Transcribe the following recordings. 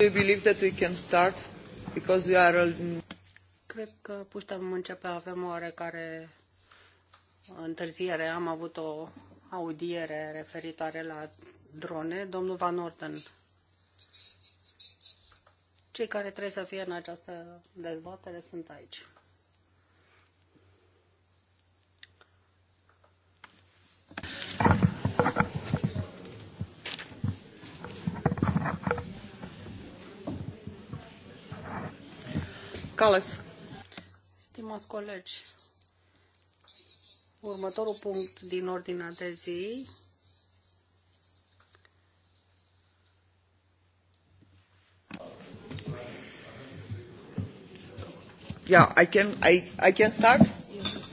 I believe that we can start because we are Cred că putem începe, avem o oarecare întârziere. Am avut o audiere referitoare la drone. Domnul Van Orden, cei care trebuie să fie în această dezbatere sunt aici. Calas. Stimați colegi, următorul punct din ordinea de zi Yeah, I can, I, I can start?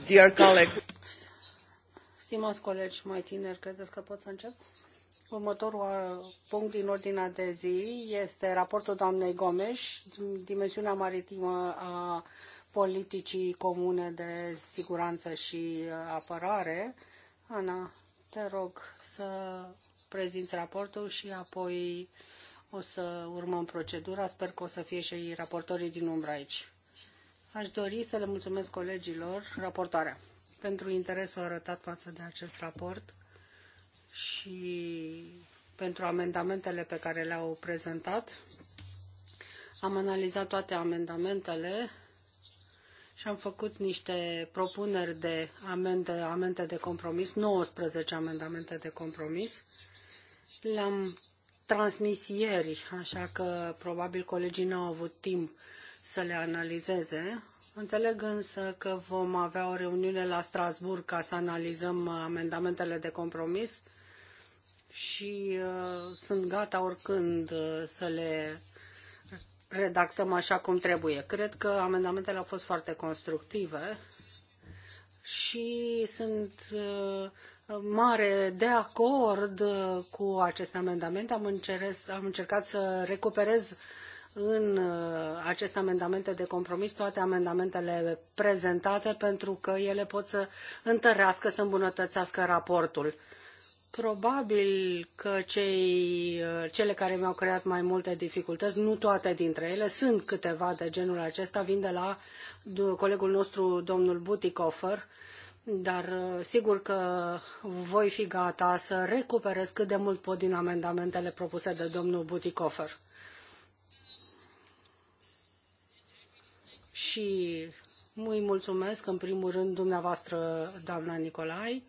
Dear colleague. Stimați colegi mai tineri, credeți că pot să încep? Următorul uh, punct din ordinea de zi este raportul doamnei Gomes, dimensiunea maritimă a politicii comune de siguranță și apărare. Ana, te rog să prezinți raportul și apoi o să urmăm procedura. Sper că o să fie și raportorii din umbră aici. Aș dori să le mulțumesc colegilor, raportoarea, pentru interesul arătat față de acest raport și pentru amendamentele pe care le-au prezentat. Am analizat toate amendamentele și am făcut niște propuneri de amendamente de compromis, 19 amendamente de compromis. Le-am transmis ieri, așa că probabil colegii nu au avut timp să le analizeze. Înțeleg însă că vom avea o reuniune la Strasburg ca să analizăm amendamentele de compromis și uh, sunt gata oricând uh, să le redactăm așa cum trebuie. Cred că amendamentele au fost foarte constructive și sunt uh, mare de acord uh, cu aceste amendamente. Am, înceres, am încercat să recuperez în uh, aceste amendamente de compromis toate amendamentele prezentate pentru că ele pot să întărească, să îmbunătățească raportul. Probabil că cei, uh, cele care mi-au creat mai multe dificultăți, nu toate dintre ele, sunt câteva de genul acesta, vin de la colegul nostru, domnul Butikofer, dar uh, sigur că voi fi gata să recuperez cât de mult pot din amendamentele propuse de domnul Butikofer. Și îi mulțumesc în primul rând dumneavoastră, doamna Nicolai,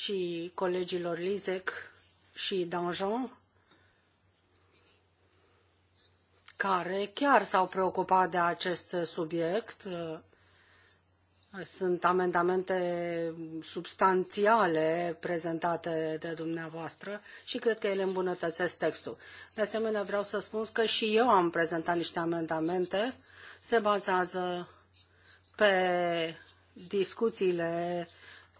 și colegilor Lizec și Danjon, care chiar s-au preocupat de acest subiect. Sunt amendamente substanțiale prezentate de dumneavoastră și cred că ele îmbunătățesc textul. De asemenea, vreau să spun că și eu am prezentat niște amendamente. Se bazează pe discuțiile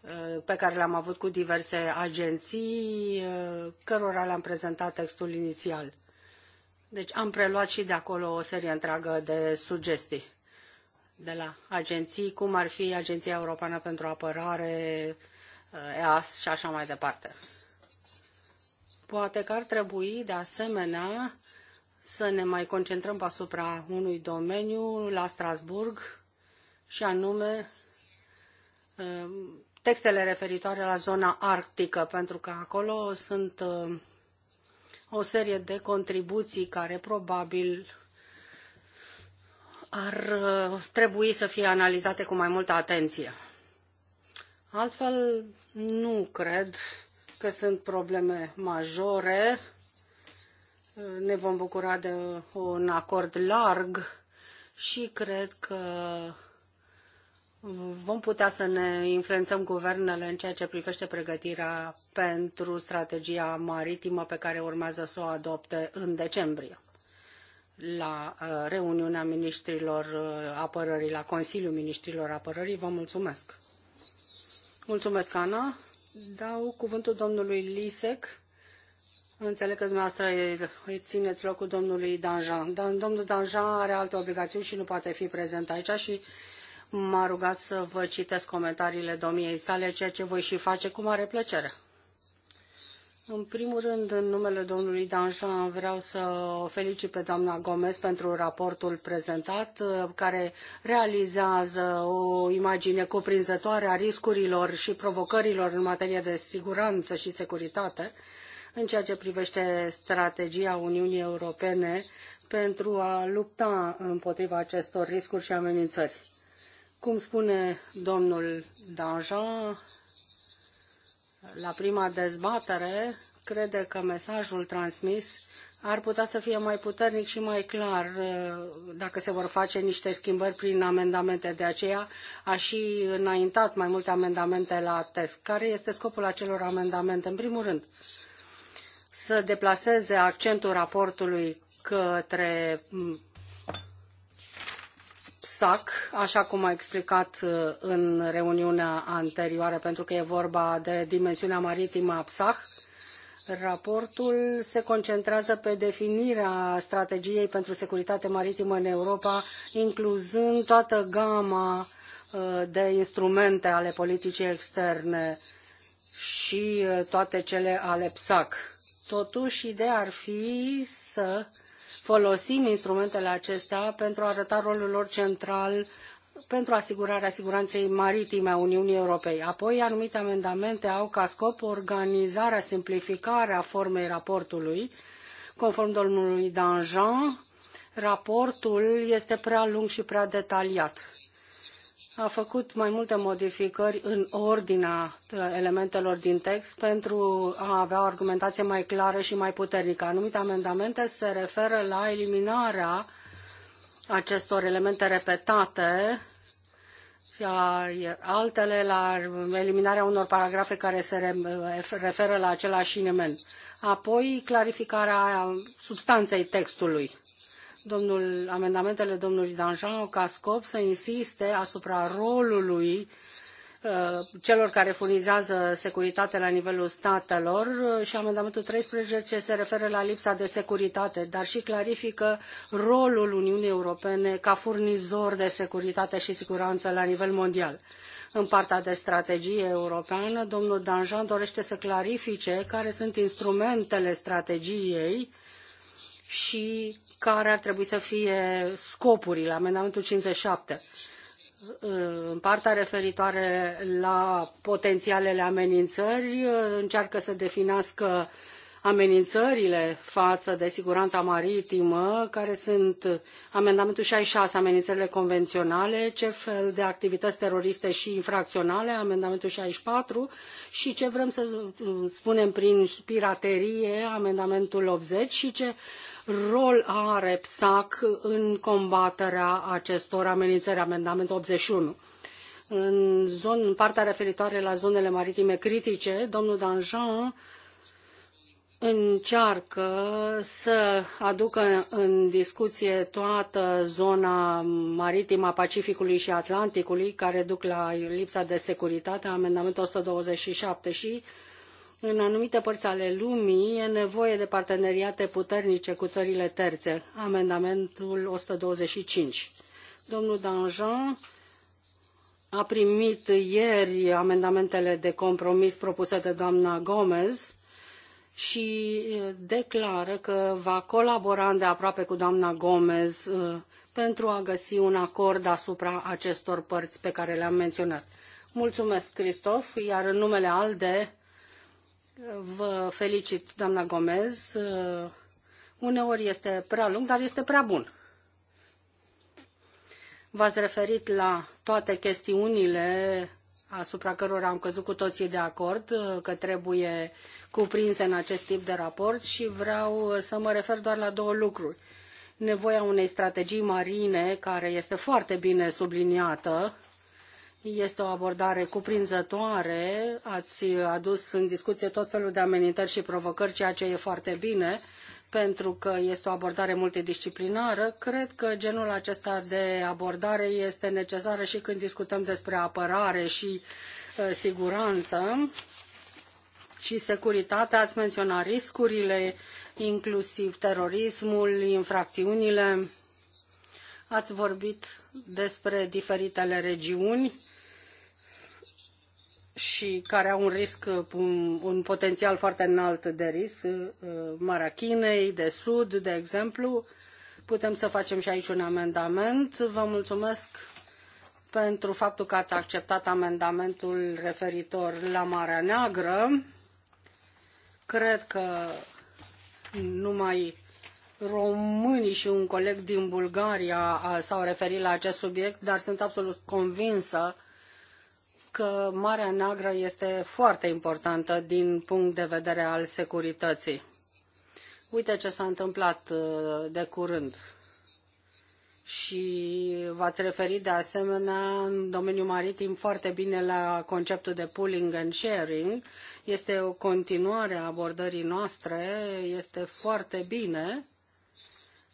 Uh, pe care le-am avut cu diverse agenții, uh, cărora le-am prezentat textul inițial. Deci am preluat și de acolo o serie întreagă de sugestii de la agenții, cum ar fi Agenția Europeană pentru Apărare, uh, EAS și așa mai departe. Poate că ar trebui, de asemenea, să ne mai concentrăm asupra unui domeniu la Strasburg, și anume textele referitoare la zona arctică, pentru că acolo sunt uh, o serie de contribuții care probabil ar uh, trebui să fie analizate cu mai multă atenție. Altfel, nu cred că sunt probleme majore. Uh, ne vom bucura de un acord larg și cred că vom putea să ne influențăm guvernele în ceea ce privește pregătirea pentru strategia maritimă pe care urmează să o adopte în decembrie la uh, reuniunea ministrilor uh, apărării, la Consiliul Ministrilor Apărării. Vă mulțumesc. Mulțumesc, Ana. Dau cuvântul domnului Lisec. Înțeleg că dumneavoastră îi țineți locul domnului Danjean. Domnul Danjean are alte obligațiuni și nu poate fi prezent aici și m-a rugat să vă citesc comentariile domniei sale, ceea ce voi și face cu mare plăcere. În primul rând, în numele domnului Danjean, vreau să o felicit pe doamna Gomez pentru raportul prezentat, care realizează o imagine cuprinzătoare a riscurilor și provocărilor în materie de siguranță și securitate în ceea ce privește strategia Uniunii Europene pentru a lupta împotriva acestor riscuri și amenințări. Cum spune domnul Danjean, la prima dezbatere, crede că mesajul transmis ar putea să fie mai puternic și mai clar uh, dacă se vor face niște schimbări prin amendamente. De aceea a și înaintat mai multe amendamente la test. Care este scopul acelor amendamente? În primul rând, să deplaseze accentul raportului către PSAC, așa cum a explicat uh, în reuniunea anterioară, pentru că e vorba de dimensiunea maritimă a PSAC. Raportul se concentrează pe definirea strategiei pentru securitate maritimă în Europa, incluzând toată gama uh, de instrumente ale politicii externe și uh, toate cele ale PSAC. Totuși, ideea ar fi să folosim instrumentele acestea pentru a arăta rolul lor central pentru asigurarea siguranței maritime a Uniunii Europei. Apoi, anumite amendamente au ca scop organizarea, simplificarea formei raportului. Conform domnului Danjean, raportul este prea lung și prea detaliat a făcut mai multe modificări în ordinea elementelor din text pentru a avea o argumentație mai clară și mai puternică. Anumite amendamente se referă la eliminarea acestor elemente repetate iar altele la eliminarea unor paragrafe care se referă la același element. Apoi, clarificarea substanței textului domnul, amendamentele domnului Danjean ca scop să insiste asupra rolului uh, celor care furnizează securitate la nivelul statelor uh, și amendamentul 13 se referă la lipsa de securitate, dar și clarifică rolul Uniunii Europene ca furnizor de securitate și siguranță la nivel mondial. În partea de strategie europeană, domnul Danjean dorește să clarifice care sunt instrumentele strategiei și care ar trebui să fie scopurile, amendamentul 57, în partea referitoare la potențialele amenințări, încearcă să definească amenințările față de siguranța maritimă, care sunt amendamentul 66, amenințările convenționale, ce fel de activități teroriste și infracționale, amendamentul 64, și ce vrem să spunem prin piraterie, amendamentul 80, și ce rol are PSAC în combaterea acestor amenințări, amendamentul 81. În, zon, în partea referitoare la zonele maritime critice, domnul Danjean încearcă să aducă în discuție toată zona maritimă a Pacificului și Atlanticului, care duc la lipsa de securitate, amendamentul 127 și în anumite părți ale lumii e nevoie de parteneriate puternice cu țările terțe. Amendamentul 125. Domnul Danjean a primit ieri amendamentele de compromis propuse de doamna Gomez și declară că va colabora îndeaproape cu doamna Gomez pentru a găsi un acord asupra acestor părți pe care le-am menționat. Mulțumesc, Cristof, iar în numele ALDE Vă felicit, doamna Gomez. Uneori este prea lung, dar este prea bun. V-ați referit la toate chestiunile asupra cărora am căzut cu toții de acord că trebuie cuprinse în acest tip de raport și vreau să mă refer doar la două lucruri. Nevoia unei strategii marine, care este foarte bine subliniată, este o abordare cuprinzătoare, ați adus în discuție tot felul de amenințări și provocări, ceea ce e foarte bine, pentru că este o abordare multidisciplinară. Cred că genul acesta de abordare este necesară și când discutăm despre apărare și uh, siguranță și securitate. Ați menționat riscurile, inclusiv terorismul, infracțiunile. Ați vorbit despre diferitele regiuni și care au un risc, un, un potențial foarte înalt de risc, uh, Marea Chinei, de Sud, de exemplu. Putem să facem și aici un amendament. Vă mulțumesc pentru faptul că ați acceptat amendamentul referitor la Marea Neagră. Cred că numai românii și un coleg din Bulgaria uh, s-au referit la acest subiect, dar sunt absolut convinsă uh, că Marea Neagră este foarte importantă din punct de vedere al securității. Uite ce s-a întâmplat uh, de curând. Și v-ați referit de asemenea în domeniul maritim foarte bine la conceptul de pooling and sharing. Este o continuare a abordării noastre, este foarte bine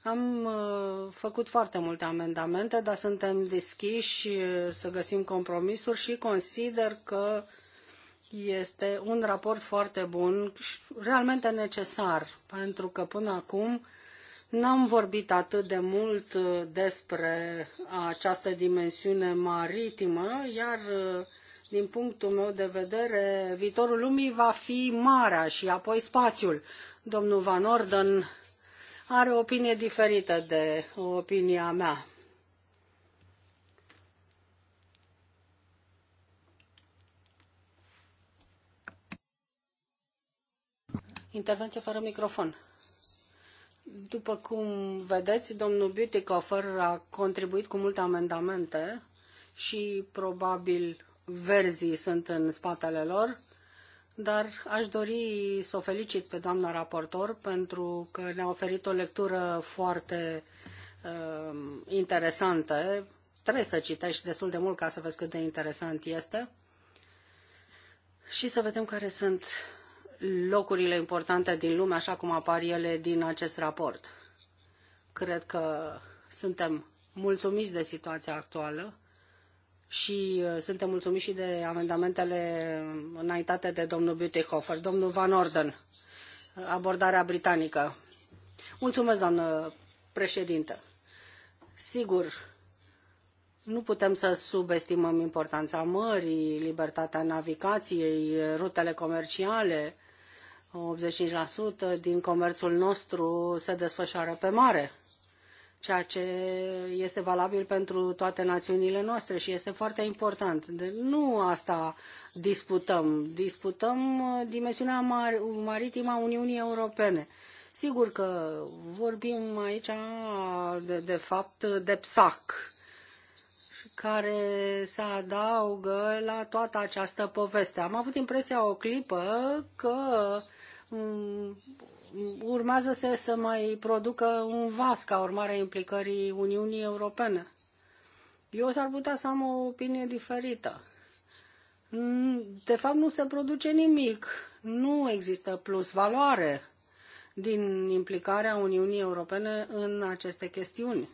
am uh, făcut foarte multe amendamente, dar suntem deschiși uh, să găsim compromisuri și consider că este un raport foarte bun și realmente necesar, pentru că până acum n-am vorbit atât de mult uh, despre această dimensiune maritimă, iar din punctul meu de vedere, viitorul lumii va fi marea și apoi spațiul. Domnul Van Orden are o opinie diferită de opinia mea. Intervenție fără microfon. După cum vedeți, domnul Beautycoffer a contribuit cu multe amendamente și probabil verzii sunt în spatele lor dar aș dori să o felicit pe doamna raportor pentru că ne-a oferit o lectură foarte uh, interesantă. Trebuie să citești destul de mult ca să vezi cât de interesant este și să vedem care sunt locurile importante din lume, așa cum apar ele din acest raport. Cred că suntem mulțumiți de situația actuală și uh, suntem mulțumiți și de amendamentele înaintate de domnul Butehofer, domnul Van Orden, abordarea britanică. Mulțumesc, doamnă președintă. Sigur, nu putem să subestimăm importanța mării, libertatea navigației, rutele comerciale. 85% din comerțul nostru se desfășoară pe mare ceea ce este valabil pentru toate națiunile noastre și este foarte important. De, nu asta disputăm, disputăm uh, dimensiunea mar- maritimă a Uniunii Europene. Sigur că vorbim aici de, de fapt de PSAC, care se adaugă la toată această poveste. Am avut impresia o clipă că mm, urmează să se mai producă un vas ca urmare a implicării Uniunii Europene. Eu s-ar putea să am o opinie diferită. De fapt, nu se produce nimic. Nu există plus valoare din implicarea Uniunii Europene în aceste chestiuni.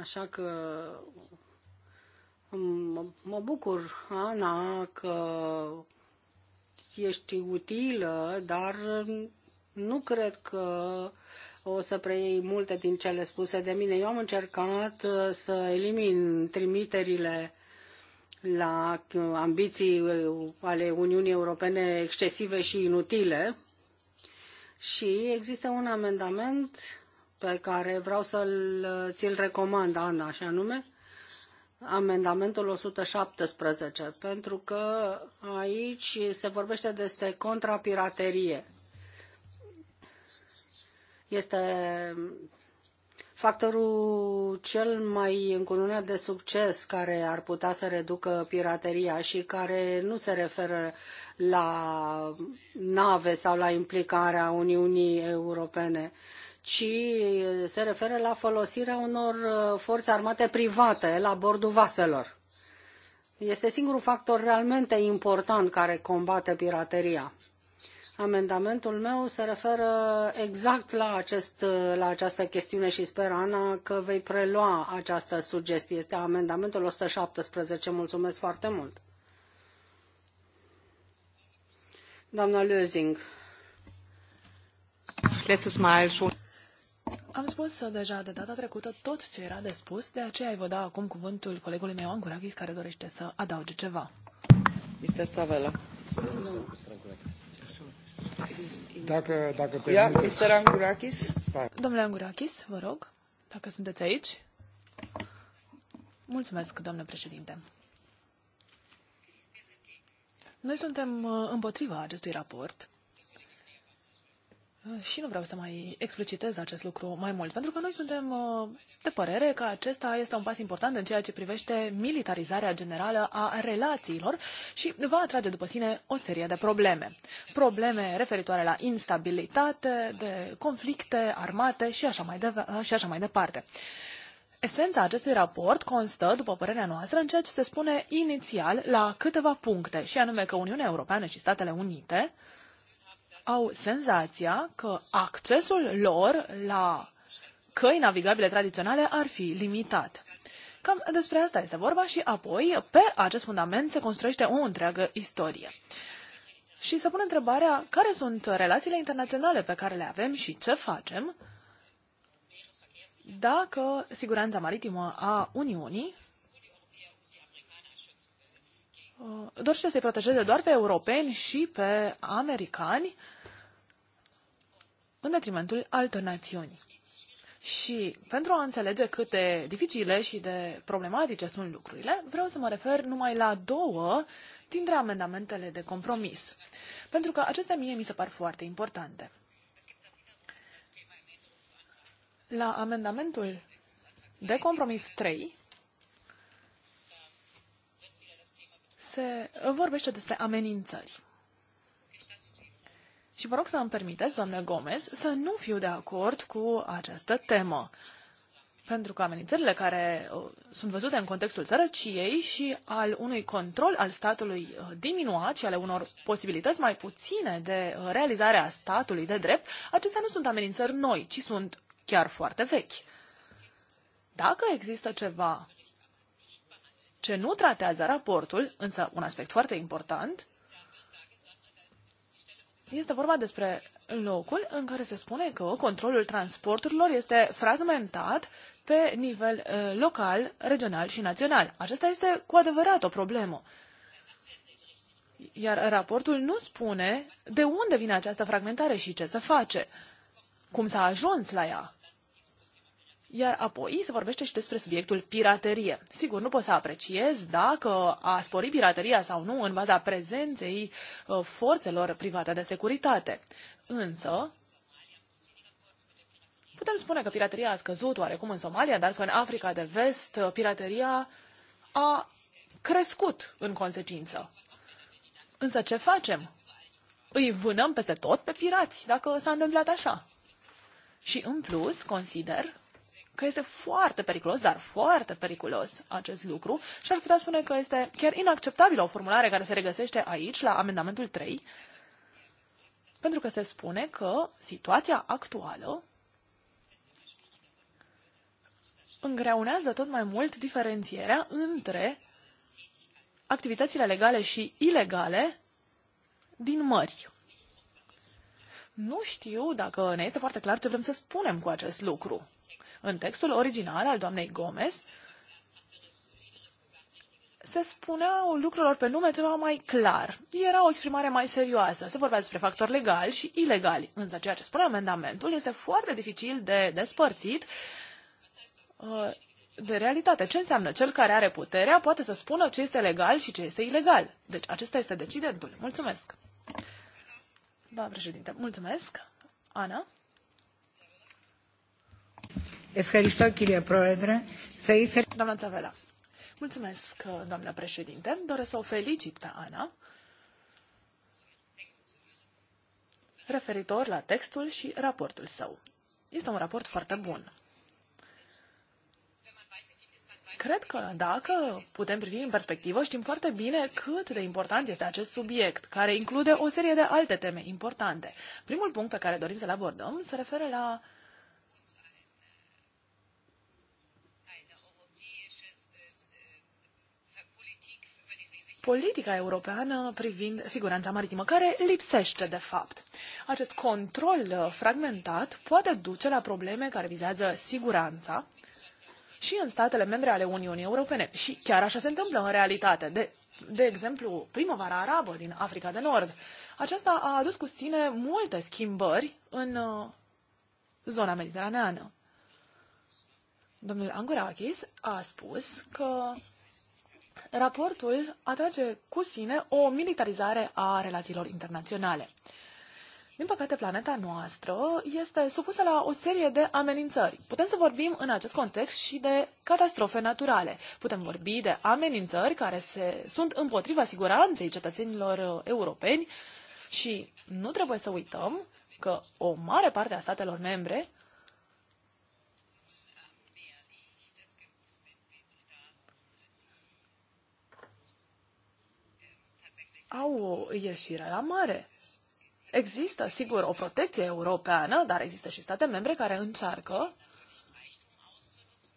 Așa că mă bucur, Ana, că ești utilă, dar nu cred că o să preiei multe din cele spuse de mine. Eu am încercat uh, să elimin trimiterile la uh, ambiții uh, ale Uniunii Europene excesive și inutile și există un amendament pe care vreau să-l ți-l recomand, Ana, și anume amendamentul 117, pentru că aici se vorbește despre contrapiraterie. Este factorul cel mai încununat de succes care ar putea să reducă pirateria și care nu se referă la nave sau la implicarea Uniunii Europene ci se referă la folosirea unor uh, forțe armate private la bordul vaselor. Este singurul factor realmente important care combate pirateria. Amendamentul meu se referă exact la, acest, uh, la această chestiune și sper, Ana, că vei prelua această sugestie. Este amendamentul 117. Mulțumesc foarte mult. Doamna Lösing. Letztes Mal schon. Am spus deja de data trecută tot ce era de spus, de aceea îi vă da acum cuvântul colegului meu, Angurakis, care dorește să adauge ceva. Mr. Țavela. Dacă, dacă te Ia, Mr. Angurakis. Domnule Angurakis, vă rog, dacă sunteți aici. Mulțumesc, doamnă președinte. Noi suntem uh, împotriva acestui raport și nu vreau să mai explicitez acest lucru mai mult, pentru că noi suntem uh, de părere că acesta este un pas important în ceea ce privește militarizarea generală a relațiilor și va atrage după sine o serie de probleme. Probleme referitoare la instabilitate, de conflicte armate și așa mai, de, și așa mai departe. Esența acestui raport constă, după părerea noastră, în ceea ce se spune inițial la câteva puncte, și anume că Uniunea Europeană și Statele Unite au senzația că accesul lor la căi navigabile tradiționale ar fi limitat. Cam despre asta este vorba și apoi, pe acest fundament, se construiește o întreagă istorie. Și să pun întrebarea, care sunt relațiile internaționale pe care le avem și ce facem dacă siguranța maritimă a Uniunii uh, dorește să-i protejeze doar pe europeni și pe americani în detrimentul altor națiuni. Și pentru a înțelege cât de dificile și de problematice sunt lucrurile, vreau să mă refer numai la două dintre amendamentele de compromis, pentru că acestea mie mi se par foarte importante. La amendamentul de compromis 3 se vorbește despre amenințări. Și vă rog să îmi permiteți, doamne Gomez, să nu fiu de acord cu această temă. Pentru că amenințările care uh, sunt văzute în contextul sărăciei și al unui control al statului uh, diminuat și ale unor posibilități mai puține de uh, realizare a statului de drept, acestea nu sunt amenințări noi, ci sunt chiar foarte vechi. Dacă există ceva ce nu tratează raportul, însă un aspect foarte important, este vorba despre locul în care se spune că controlul transporturilor este fragmentat pe nivel uh, local, regional și național. Acesta este cu adevărat o problemă. Iar raportul nu spune de unde vine această fragmentare și ce să face, cum s-a ajuns la ea. Iar apoi se vorbește și despre subiectul piraterie. Sigur, nu pot să apreciez dacă a spori pirateria sau nu în baza prezenței uh, forțelor private de securitate. Însă, putem spune că pirateria a scăzut oarecum în Somalia, dar că în Africa de Vest uh, pirateria a crescut în consecință. Însă ce facem? Îi vânăm peste tot pe pirați, dacă s-a întâmplat așa. Și în plus, consider că este foarte periculos, dar foarte periculos acest lucru și aș putea spune că este chiar inacceptabilă o formulare care se regăsește aici, la amendamentul 3, pentru că se spune că situația actuală îngreunează tot mai mult diferențierea între activitățile legale și ilegale din mări. Nu știu dacă ne este foarte clar ce vrem să spunem cu acest lucru. În textul original al doamnei Gomez se spuneau lucrurilor pe nume ceva mai clar. Era o exprimare mai serioasă. Se vorbea despre factori legali și ilegali. Însă ceea ce spune amendamentul este foarte dificil de despărțit uh, de realitate. Ce înseamnă? Cel care are puterea poate să spună ce este legal și ce este ilegal. Deci acesta este decidentul. Mulțumesc. Da, președinte, mulțumesc. Ana? doamnă președintă Mulțumesc, președinte. Doresc să o felicit pe Ana referitor la textul și raportul său. Este un raport foarte bun. Cred că dacă putem privi în perspectivă, știm foarte bine cât de important este acest subiect, care include o serie de alte teme importante. Primul punct pe care dorim să-l abordăm se referă la politica europeană privind siguranța maritimă, care lipsește de fapt. Acest control uh, fragmentat poate duce la probleme care vizează siguranța și în statele membre ale Uniunii Europene. Și chiar așa se întâmplă în realitate. De de exemplu, primăvara arabă din Africa de Nord. Aceasta a adus cu sine multe schimbări în uh, zona mediteraneană. Domnul Angurakis a spus că Raportul atrage cu sine o militarizare a relațiilor internaționale. Din păcate, planeta noastră este supusă la o serie de amenințări. Putem să vorbim în acest context și de catastrofe naturale. Putem vorbi de amenințări care se, sunt împotriva siguranței cetățenilor uh, europeni și nu trebuie să uităm că o mare parte a statelor membre au o ieșire la mare. Există, sigur, o protecție europeană, dar există și state membre care încearcă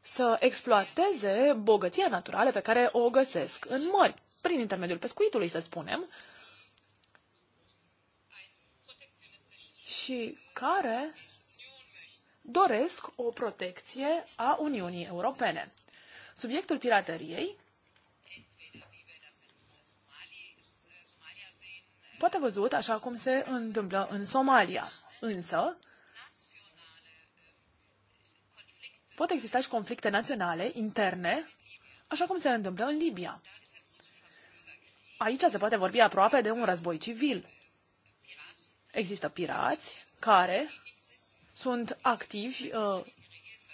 să exploateze bogăția naturală pe care o găsesc în mări, prin intermediul pescuitului, să spunem, și care doresc o protecție a Uniunii Europene. Subiectul pirateriei poate văzut așa cum se întâmplă în Somalia. Însă, pot exista și conflicte naționale, interne, așa cum se întâmplă în Libia. Aici se poate vorbi aproape de un război civil. Există pirați care sunt activi uh,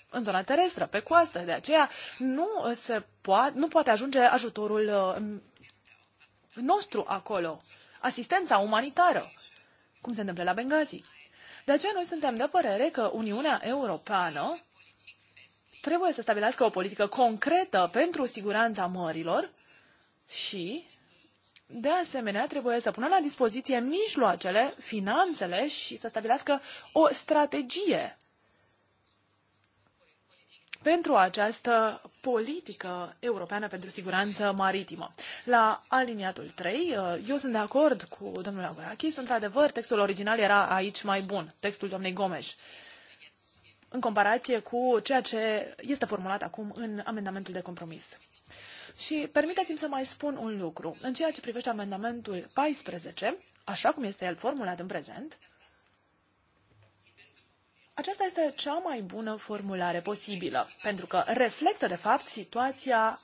în zona terestră, pe coastă. De aceea nu, uh, se poate, nu poate ajunge ajutorul uh, nostru acolo asistența umanitară, cum se întâmplă la Benghazi. De aceea noi suntem de părere că Uniunea Europeană trebuie să stabilească o politică concretă pentru siguranța mărilor și, de asemenea, trebuie să pună la dispoziție mijloacele, finanțele și să stabilească o strategie pentru această politică europeană pentru siguranță maritimă. La aliniatul 3, uh, eu sunt de acord cu domnul Agurakis, într-adevăr, textul original era aici mai bun, textul domnei Gomes, în comparație cu ceea ce este formulat acum în amendamentul de compromis. Și permiteți-mi să mai spun un lucru. În ceea ce privește amendamentul 14, așa cum este el formulat în prezent, aceasta este cea mai bună formulare posibilă, pentru că reflectă, de fapt, situația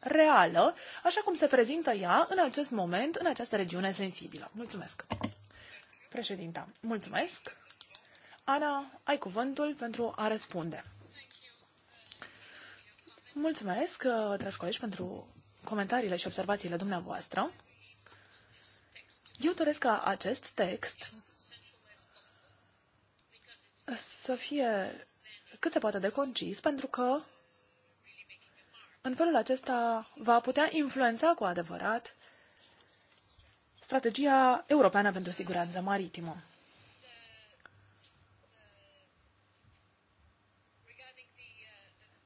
reală, așa cum se prezintă ea în acest moment, în această regiune sensibilă. Mulțumesc! Președinta, mulțumesc! Ana, ai cuvântul pentru a răspunde. Mulțumesc, dragi colegi, pentru comentariile și observațiile dumneavoastră. Eu doresc ca acest text să fie cât se poate de concis, pentru că în felul acesta va putea influența cu adevărat strategia europeană pentru siguranță maritimă.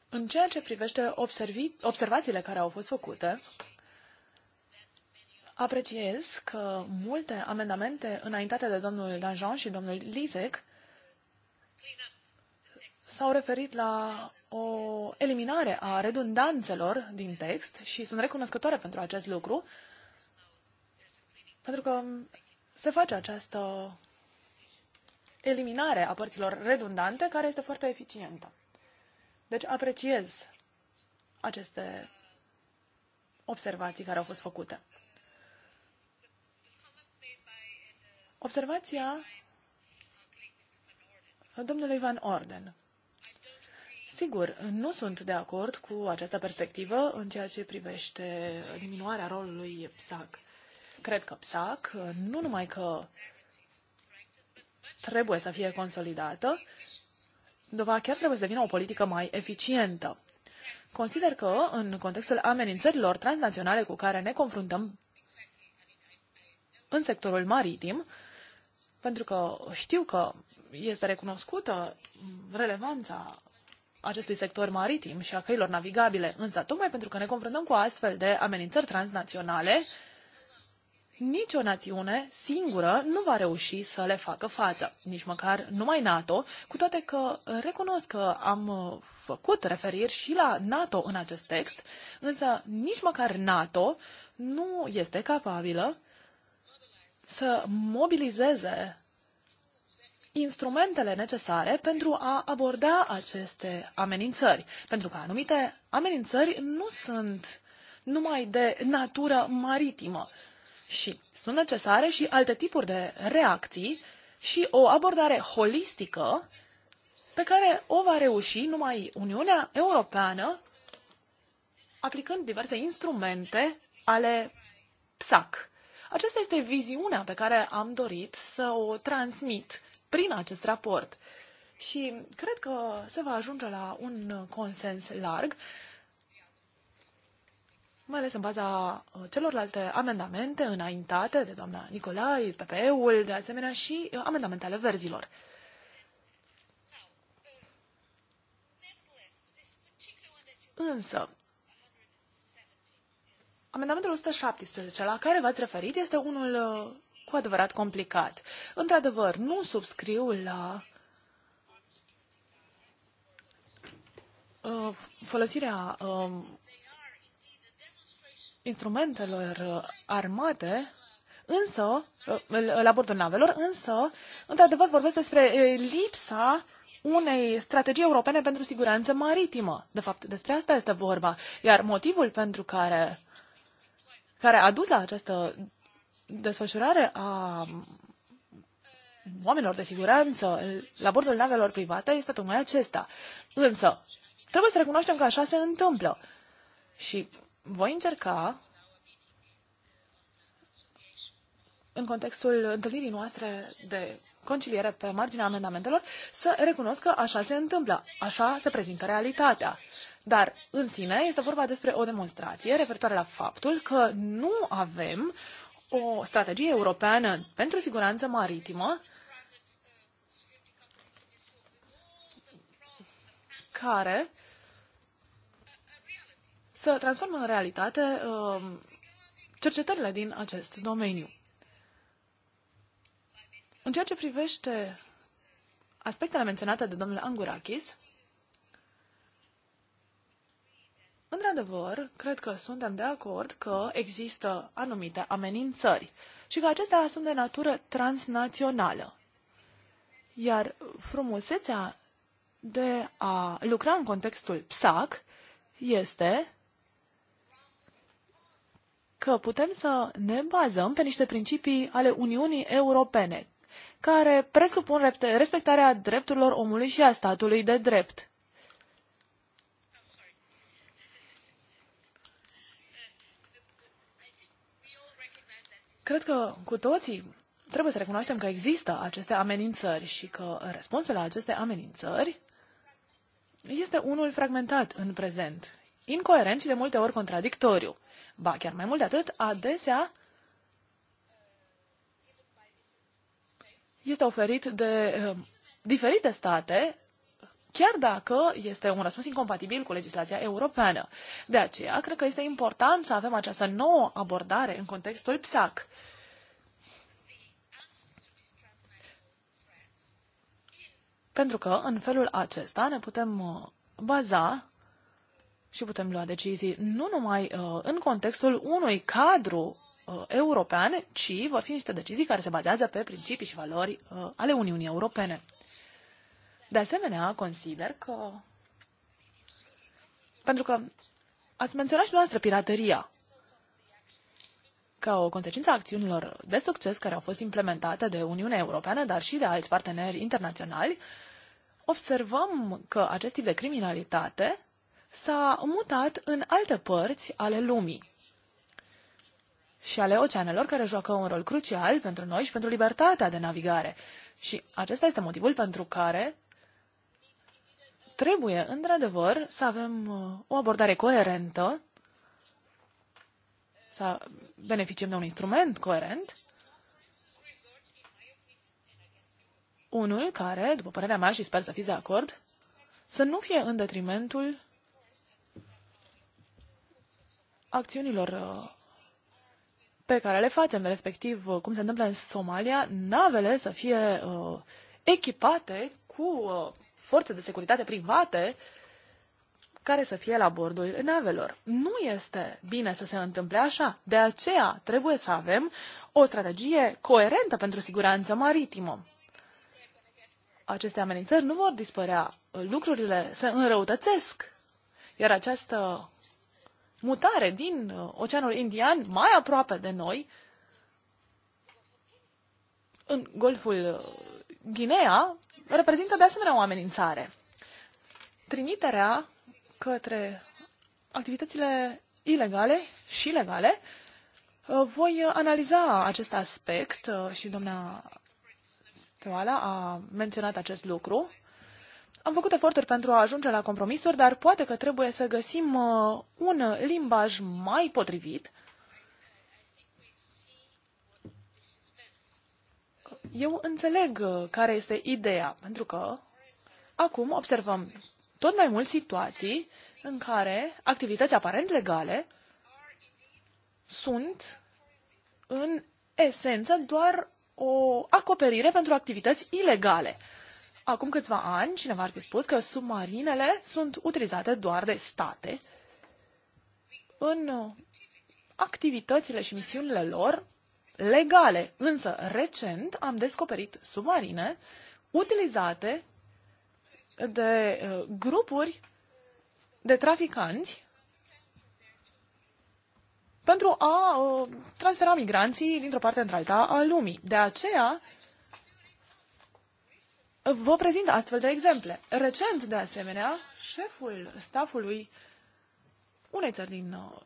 În ceea ce privește observațiile care au fost făcute, apreciez că multe amendamente înaintate de domnul Danjean și domnul Lisek s-au referit la o eliminare a redundanțelor din text și sunt recunoscătoare pentru acest lucru, pentru că se face această eliminare a părților redundante, care este foarte eficientă. Deci apreciez aceste observații care au fost făcute. Observația Domnule Ivan Orden, sigur, nu sunt de acord cu această perspectivă în ceea ce privește diminuarea rolului PSAC. Cred că PSAC nu numai că trebuie să fie consolidată, dar chiar trebuie să devină o politică mai eficientă. Consider că, în contextul amenințărilor transnaționale cu care ne confruntăm în sectorul maritim, pentru că știu că este recunoscută relevanța acestui sector maritim și a căilor navigabile, însă tocmai pentru că ne confruntăm cu astfel de amenințări transnaționale, nicio națiune singură nu va reuși să le facă față, nici măcar numai NATO, cu toate că recunosc că am făcut referiri și la NATO în acest text, însă nici măcar NATO nu este capabilă să mobilizeze instrumentele necesare pentru a aborda aceste amenințări. Pentru că anumite amenințări nu sunt numai de natură maritimă și sunt necesare și alte tipuri de reacții și o abordare holistică pe care o va reuși numai Uniunea Europeană aplicând diverse instrumente ale PSAC. Aceasta este viziunea pe care am dorit să o transmit prin acest raport. Și cred că se va ajunge la un consens larg, mai ales în baza uh, celorlalte amendamente înaintate de doamna Nicolai, PPE-ul, de asemenea și uh, amendamentele verzilor. Însă, amendamentul 117 la care v-ați referit este unul uh, cu adevărat complicat. Într-adevăr, nu subscriu la uh, folosirea um, instrumentelor armate, însă, uh, la bordul navelor, însă, într-adevăr vorbesc despre uh, lipsa unei strategii europene pentru siguranță maritimă. De fapt, despre asta este vorba. Iar motivul pentru care, care a dus la această desfășurare a oamenilor de siguranță la bordul navelor private este tocmai acesta. Însă, trebuie să recunoaștem că așa se întâmplă. Și voi încerca, în contextul întâlnirii noastre de conciliere pe marginea amendamentelor, să recunosc că așa se întâmplă, așa se prezintă realitatea. Dar, în sine, este vorba despre o demonstrație referitoare la faptul că nu avem uh, o strategie europeană pentru siguranță maritimă care să transformă în realitate um, cercetările din acest domeniu. În ceea ce privește aspectele menționate de domnul Angurakis, Într-adevăr, cred că suntem de acord că există anumite amenințări și că acestea sunt de natură transnațională. Iar frumusețea de a lucra în contextul PSAC este că putem să ne bazăm pe niște principii ale Uniunii Europene, care presupun respectarea drepturilor omului și a statului de drept. Cred că cu toții trebuie să recunoaștem că există aceste amenințări și că răspunsul la aceste amenințări este unul fragmentat în prezent, incoerent și de multe ori contradictoriu. Ba, chiar mai mult de atât, adesea este oferit de eh, diferite state chiar dacă este un răspuns incompatibil cu legislația europeană. De aceea, cred că este important să avem această nouă abordare în contextul PSAC. Pentru că, în felul acesta, ne putem uh, baza și putem lua decizii nu numai uh, în contextul unui cadru uh, european, ci vor fi niște decizii care se bazează pe principii și valori uh, ale Uniunii Europene. De asemenea, consider că... Pentru că ați menționat și noastră pirateria ca o consecință a acțiunilor de succes care au fost implementate de Uniunea Europeană, dar și de alți parteneri internaționali, observăm că acest tip de criminalitate s-a mutat în alte părți ale lumii și ale oceanelor, care joacă un rol crucial pentru noi și pentru libertatea de navigare. Și acesta este motivul pentru care trebuie, într-adevăr, să avem uh, o abordare coerentă, să beneficiem de un instrument coerent, unul care, după părerea mea și sper să fiți de acord, să nu fie în detrimentul acțiunilor uh, pe care le facem, respectiv uh, cum se întâmplă în Somalia, navele să fie uh, echipate cu uh, forțe de securitate private care să fie la bordul navelor. Nu este bine să se întâmple așa. De aceea trebuie să avem o strategie coerentă pentru siguranță maritimă. Aceste amenințări nu vor dispărea. Lucrurile se înrăutățesc. Iar această mutare din uh, Oceanul Indian, mai aproape de noi, în Golful uh, Guinea, reprezintă de asemenea o amenințare. Trimiterea către activitățile ilegale și legale. Uh, voi analiza acest aspect uh, și doamna Teoala a menționat acest lucru. Am făcut eforturi pentru a ajunge la compromisuri, dar poate că trebuie să găsim uh, un limbaj mai potrivit Eu înțeleg uh, care este ideea, pentru că acum observăm tot mai mult situații în care activități aparent legale sunt în esență doar o acoperire pentru activități ilegale. Acum câțiva ani, cineva ar fi spus că submarinele sunt utilizate doar de state în uh, activitățile și misiunile lor legale. Însă, recent am descoperit submarine utilizate de uh, grupuri de traficanți pentru a uh, transfera migranții dintr-o parte într-alta a lumii. De aceea, vă prezint astfel de exemple. Recent, de asemenea, șeful stafului unei țări din uh,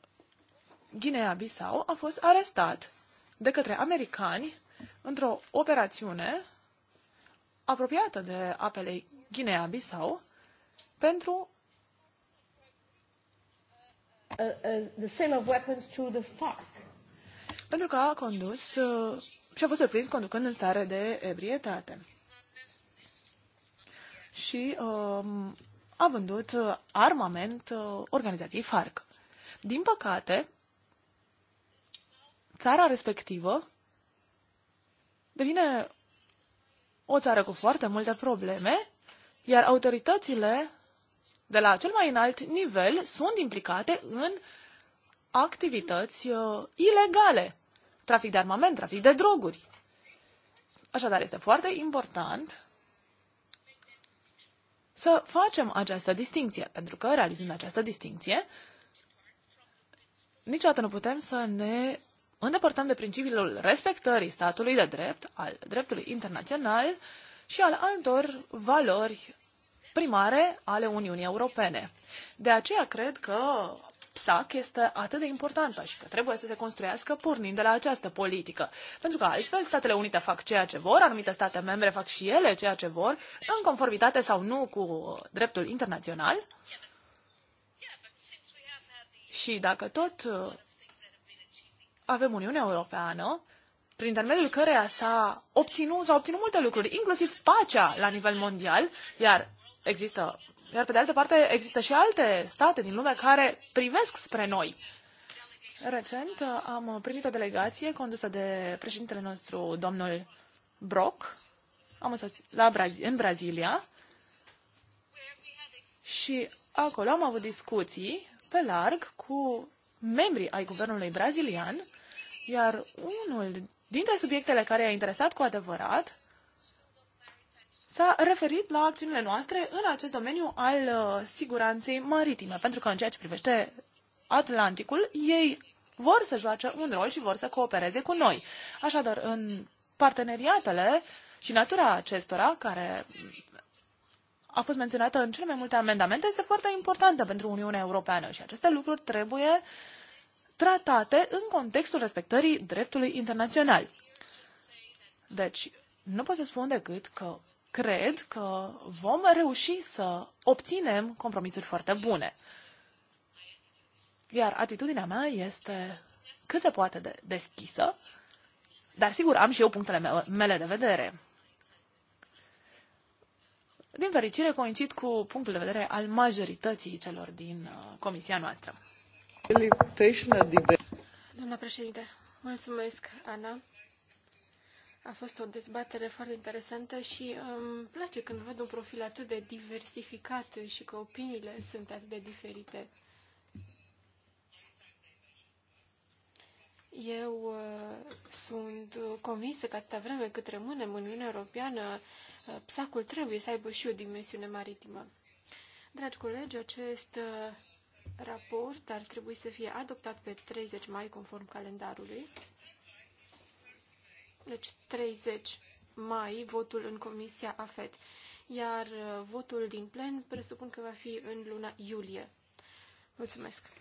Guinea-Bissau a fost arestat de către americani într-o operațiune apropiată de apele Guinea-Bissau pentru uh, uh, the sale of weapons to the FARC. Pentru că a condus uh, și a fost surprins conducând în stare de ebrietate. Și um, a vândut uh, armament uh, organizației FARC. Din păcate, țara respectivă devine o țară cu foarte multe probleme, iar autoritățile de la cel mai înalt nivel sunt implicate în activități uh, ilegale, trafic de armament, trafic de droguri. Așadar, este foarte important să facem această distinție, pentru că realizând această distinție, niciodată nu putem să ne îndepărtăm de principiul respectării statului de drept, al dreptului internațional și al altor valori primare ale Uniunii Europene. De aceea cred că PSAC este atât de importantă și că trebuie să se construiască pornind de la această politică. Pentru că altfel Statele Unite fac ceea ce vor, anumite state membre fac și ele ceea ce vor, în conformitate sau nu cu dreptul internațional. Și dacă tot avem Uniunea Europeană, prin intermediul căreia s-a obținut, s-au obținut multe lucruri, inclusiv pacea la nivel mondial, iar există, iar pe de altă parte există și alte state din lume care privesc spre noi. Recent uh, am primit o delegație condusă de președintele nostru, domnul Brock, am la Braz- în Brazilia și acolo am avut discuții pe larg cu membri ai guvernului brazilian, iar unul dintre subiectele care i-a interesat cu adevărat s-a referit la acțiunile noastre în acest domeniu al uh, siguranței maritime, pentru că în ceea ce privește Atlanticul, ei vor să joace un rol și vor să coopereze cu noi. Așadar, în parteneriatele și natura acestora, care a fost menționată în cele mai multe amendamente este foarte importantă pentru Uniunea Europeană și aceste lucruri trebuie tratate în contextul respectării dreptului internațional. Deci, nu pot să spun decât că cred că vom reuși să obținem compromisuri foarte bune. Iar atitudinea mea este cât se poate de deschisă, dar sigur am și eu punctele mele de vedere din fericire, coincid cu punctul de vedere al majorității celor din uh, comisia noastră. Doamna președinte, mulțumesc, Ana. A fost o dezbatere foarte interesantă și um, îmi place când văd un profil atât de diversificat și că opiniile sunt atât de diferite. Eu uh, sunt convinsă că atâta vreme cât rămânem în Uniunea Europeană, uh, Uh, psacul trebuie să aibă și o dimensiune maritimă. Dragi colegi, acest uh, raport ar trebui să fie adoptat pe 30 mai, conform calendarului. Deci 30 mai, votul în Comisia AFET, iar uh, votul din plen presupun că va fi în luna iulie. Mulțumesc!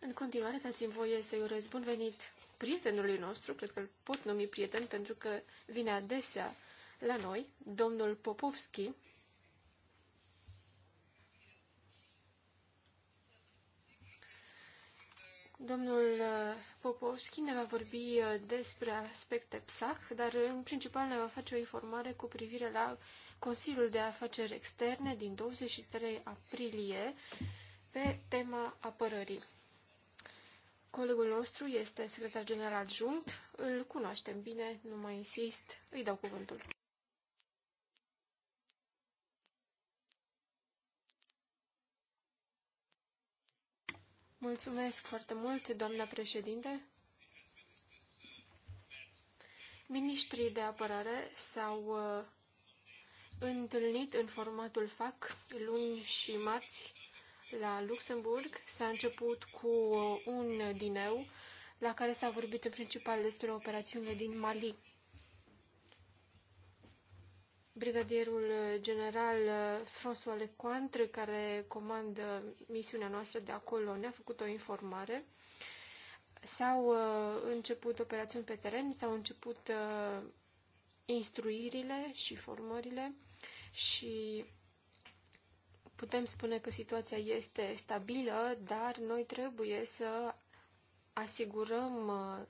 În continuare, dați-mi voie să-i urez bun venit prietenului nostru, cred că îl pot numi prieten pentru că vine adesea la noi, domnul Popovski. Domnul uh, Popovski ne va vorbi uh, despre aspecte PSAH, dar uh, în principal ne va face o informare cu privire la Consiliul de Afaceri Externe din 23 aprilie pe tema apărării. Colegul nostru este secretar general adjunct, îl cunoaștem bine, nu mai insist, îi dau cuvântul. Mulțumesc foarte mult, doamna președinte. Ministrii de apărare s-au uh, întâlnit în formatul FAC luni și marți la Luxemburg. S-a început cu un dineu la care s-a vorbit în principal despre operațiunile din Mali. Brigadierul general François Lecointre, care comandă misiunea noastră de acolo, ne-a făcut o informare. S-au uh, început operațiuni pe teren, s-au început uh, instruirile și formările și Putem spune că situația este stabilă, dar noi trebuie să asigurăm uh,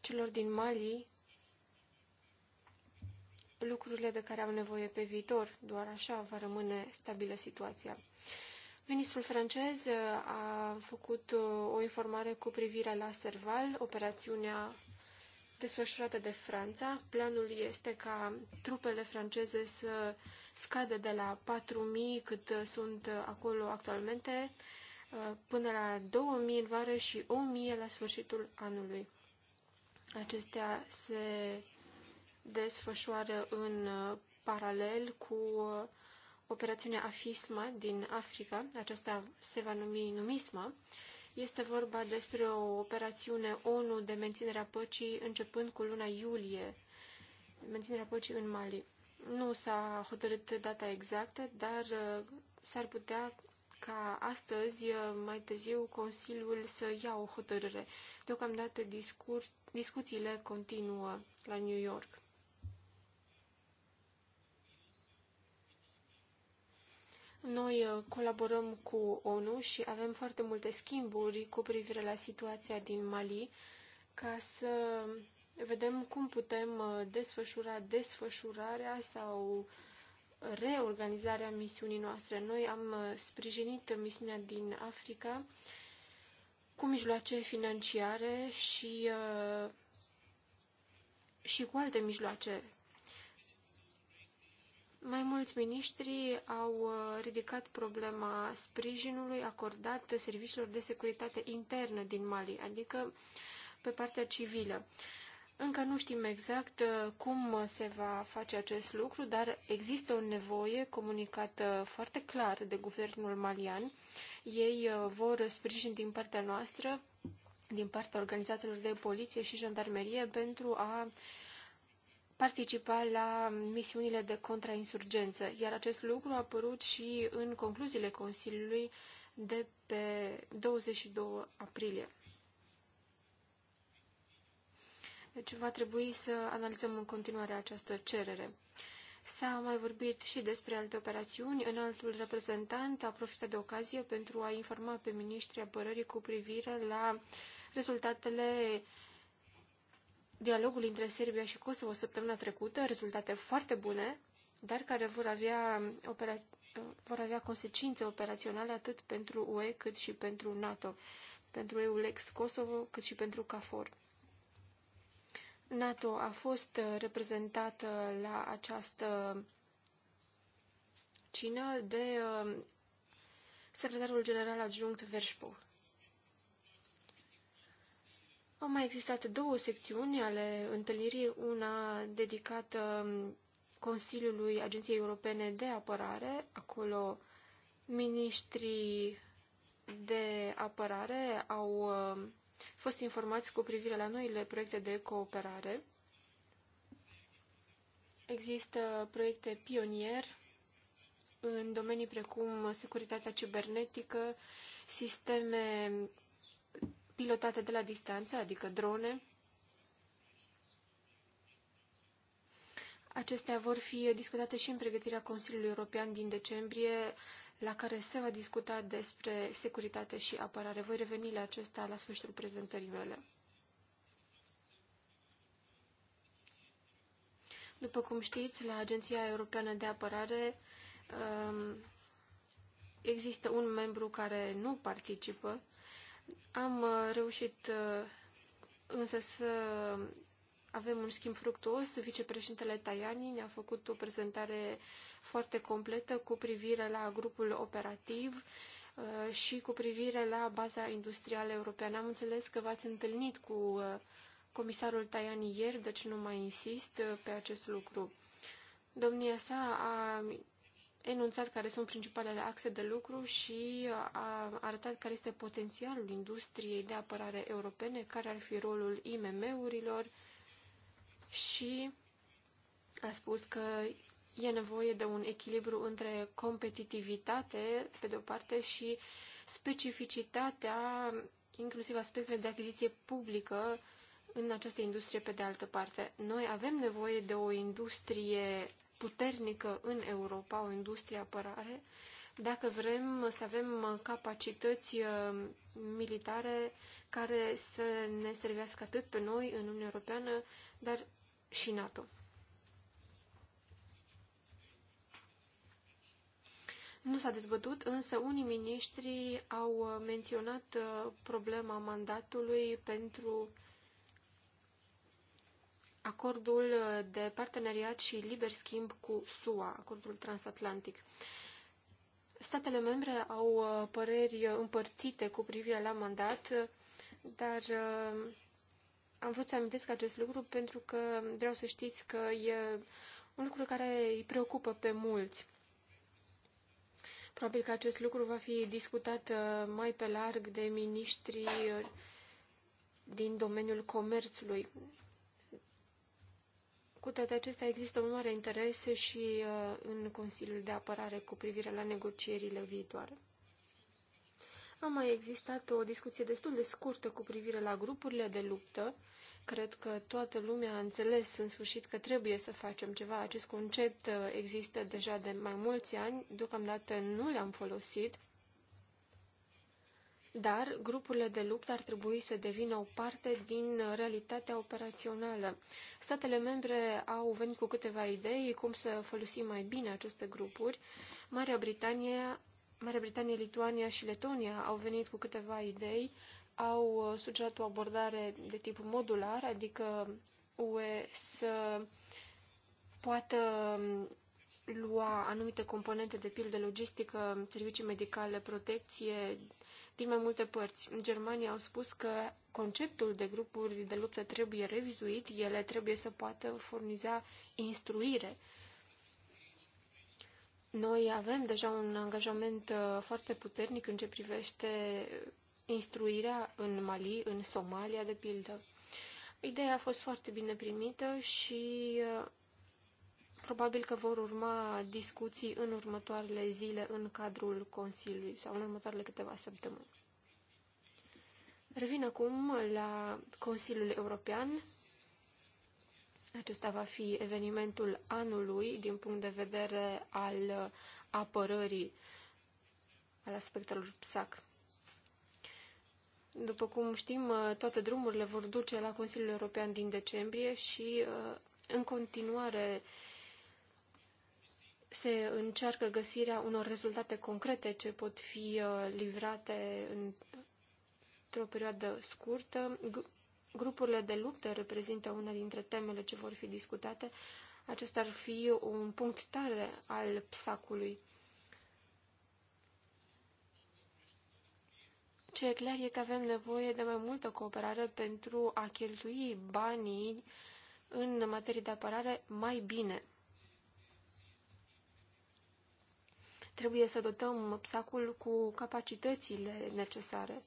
celor din Mali lucrurile de care au nevoie pe viitor. Doar așa va rămâne stabilă situația. Ministrul francez uh, a făcut uh, o informare cu privire la Serval, operațiunea desfășurată de Franța. Planul este ca trupele franceze să scade de la 4.000 cât uh, sunt uh, acolo actualmente uh, până la 2.000 în vară și 1.000 la sfârșitul anului. Acestea se desfășoară în paralel cu operațiunea AFISMA din Africa, aceasta se va numi NUMISMA, este vorba despre o operațiune ONU de menținere a păcii începând cu luna iulie, menținerea păcii în Mali. Nu s-a hotărât data exactă, dar uh, s-ar putea ca astăzi, uh, mai târziu, Consiliul să ia o hotărâre. Deocamdată discurs, discuțiile continuă la New York. Noi uh, colaborăm cu ONU și avem foarte multe schimburi cu privire la situația din Mali ca să vedem cum putem uh, desfășura desfășurarea sau reorganizarea misiunii noastre. Noi am uh, sprijinit misiunea din Africa cu mijloace financiare și, uh, și cu alte mijloace. Mai mulți miniștri au ridicat problema sprijinului acordat serviciilor de securitate internă din Mali, adică pe partea civilă. Uh, încă nu știm exact uh, cum se va face acest lucru, dar există o nevoie comunicată foarte clar de guvernul malian. Ei uh, vor sprijin din partea noastră, din partea organizațiilor de poliție și jandarmerie pentru a participa la misiunile de contrainsurgență, iar acest lucru a apărut și în concluziile Consiliului de pe 22 aprilie. Deci va trebui să analizăm în continuare această cerere. S-a mai vorbit și despre alte operațiuni. În altul reprezentant a profitat de ocazie pentru a informa pe ministrii apărării cu privire la rezultatele dialogului între Serbia și Kosovo săptămâna trecută, rezultate foarte bune, dar care vor avea, opera... vor avea consecințe operaționale atât pentru UE cât și pentru NATO, pentru EULEX Kosovo cât și pentru CAFOR. NATO a fost uh, reprezentată la această cină de uh, secretarul general adjunct Verspo. Au mai existat două secțiuni ale întâlnirii, una dedicată um, Consiliului Agenției Europene de Apărare, acolo ministrii de apărare au um, fost informați cu privire la noile proiecte de cooperare. Există proiecte pionier în domenii precum securitatea cibernetică, sisteme pilotate de la distanță, adică drone. Acestea vor fi discutate și în pregătirea Consiliului European din decembrie la care se va discuta despre securitate și apărare. Voi reveni la acesta la sfârșitul prezentării mele. După cum știți, la Agenția Europeană de Apărare um, există un membru care nu participă. Am uh, reușit uh, însă să avem un schimb fructuos. Vicepreședintele Tajani ne-a făcut o prezentare foarte completă cu privire la grupul operativ uh, și cu privire la baza industrială europeană. Am înțeles că v-ați întâlnit cu uh, comisarul Tajani ieri, deci nu mai insist uh, pe acest lucru. Domnia sa a enunțat care sunt principalele axe de lucru și a arătat care este potențialul industriei de apărare europene, care ar fi rolul IMM-urilor și a spus că e nevoie de un echilibru între competitivitate, pe de o parte, și specificitatea, inclusiv aspectele de achiziție publică în această industrie, pe de altă parte. Noi avem nevoie de o industrie puternică în Europa, o industrie apărare, dacă vrem să avem capacități uh, militare care să ne servească atât pe noi în Uniunea Europeană, dar și NATO. Nu s-a dezbătut, însă unii miniștri au menționat uh, problema mandatului pentru acordul uh, de parteneriat și liber schimb cu SUA, acordul transatlantic. Statele membre au uh, păreri împărțite cu privire la mandat, dar am vrut să amintesc acest lucru pentru că vreau să știți că e un lucru care îi preocupă pe mulți. Probabil că acest lucru va fi discutat uh, mai pe larg de miniștri uh, din domeniul comerțului. Cu toate acestea, există un mare interes și uh, în Consiliul de Apărare cu privire la negocierile viitoare. A mai existat o discuție destul de scurtă cu privire la grupurile de luptă, Cred că toată lumea a înțeles în sfârșit că trebuie să facem ceva. Acest concept uh, există deja de mai mulți ani, deocamdată nu l-am folosit, dar grupurile de luptă ar trebui să devină o parte din uh, realitatea operațională. Statele membre au venit cu câteva idei cum să folosim mai bine aceste grupuri. Marea Britanie Marea Britanie, Lituania și Letonia au venit cu câteva idei au uh, sugerat o abordare de tip modular, adică UE să poată um, lua anumite componente de pildă logistică, servicii medicale, protecție din mai multe părți. Germania au spus că conceptul de grupuri de luptă trebuie revizuit, ele trebuie să poată furniza instruire. Noi avem deja un angajament uh, foarte puternic în ce privește instruirea în Mali, în Somalia, de pildă. Ideea a fost foarte bine primită și uh, probabil că vor urma discuții în următoarele zile în cadrul Consiliului sau în următoarele câteva săptămâni. Revin acum la Consiliul European. Acesta va fi evenimentul anului din punct de vedere al apărării al aspectelor PSAC. După cum știm, uh, toate drumurile vor duce la Consiliul European din decembrie și, uh, în continuare, se încearcă găsirea unor rezultate concrete ce pot fi uh, livrate într-o perioadă scurtă. Grupurile de luptă reprezintă una dintre temele ce vor fi discutate. Acesta ar fi un punct tare al psacului. ului Ce e clar e că avem nevoie de mai multă cooperare pentru a cheltui banii în materie de apărare mai bine. Trebuie să dotăm psacul cu capacitățile necesare.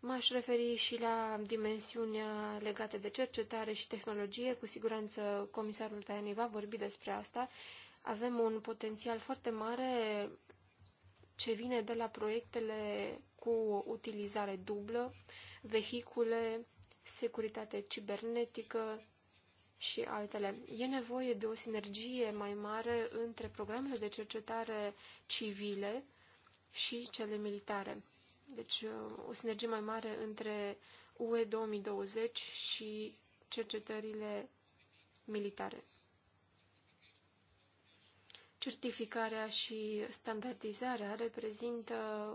M-aș referi și la dimensiunea legată de cercetare și tehnologie. Cu siguranță comisarul Tajani va vorbi despre asta. Avem un potențial foarte mare ce vine de la proiectele cu utilizare dublă, vehicule, securitate cibernetică și altele. E nevoie de o sinergie mai mare între programele de cercetare civile și cele militare. Deci o sinergie mai mare între UE 2020 și cercetările militare. Certificarea și standardizarea reprezintă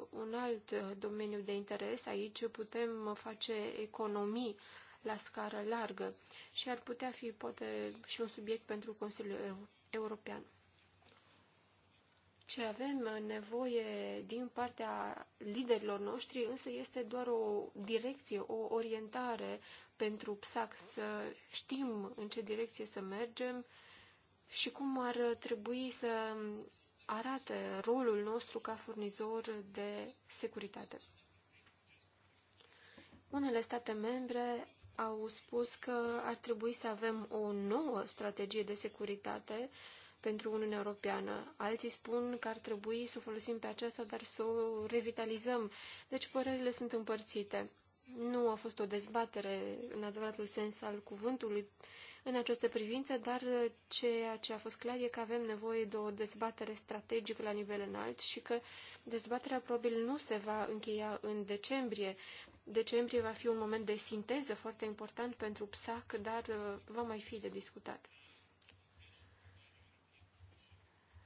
un alt uh, domeniu de interes. Aici putem face economii la scară largă și ar putea fi poate și un subiect pentru Consiliul European. Ce avem uh, nevoie din partea liderilor noștri însă este doar o direcție, o orientare pentru PSAC, să știm în ce direcție să mergem, și cum ar trebui să arate rolul nostru ca furnizor de securitate. Unele state membre au spus că ar trebui să avem o nouă strategie de securitate pentru Uniunea Europeană. Alții spun că ar trebui să o folosim pe aceasta, dar să o revitalizăm. Deci părerile sunt împărțite. Nu a fost o dezbatere în adevăratul sens al cuvântului în această privință, dar uh, ceea ce a fost clar e că avem nevoie de o dezbatere strategică la nivel înalt și că dezbaterea probabil nu se va încheia în decembrie. Decembrie va fi un moment de sinteză foarte important pentru PSAC, dar uh, va mai fi de discutat.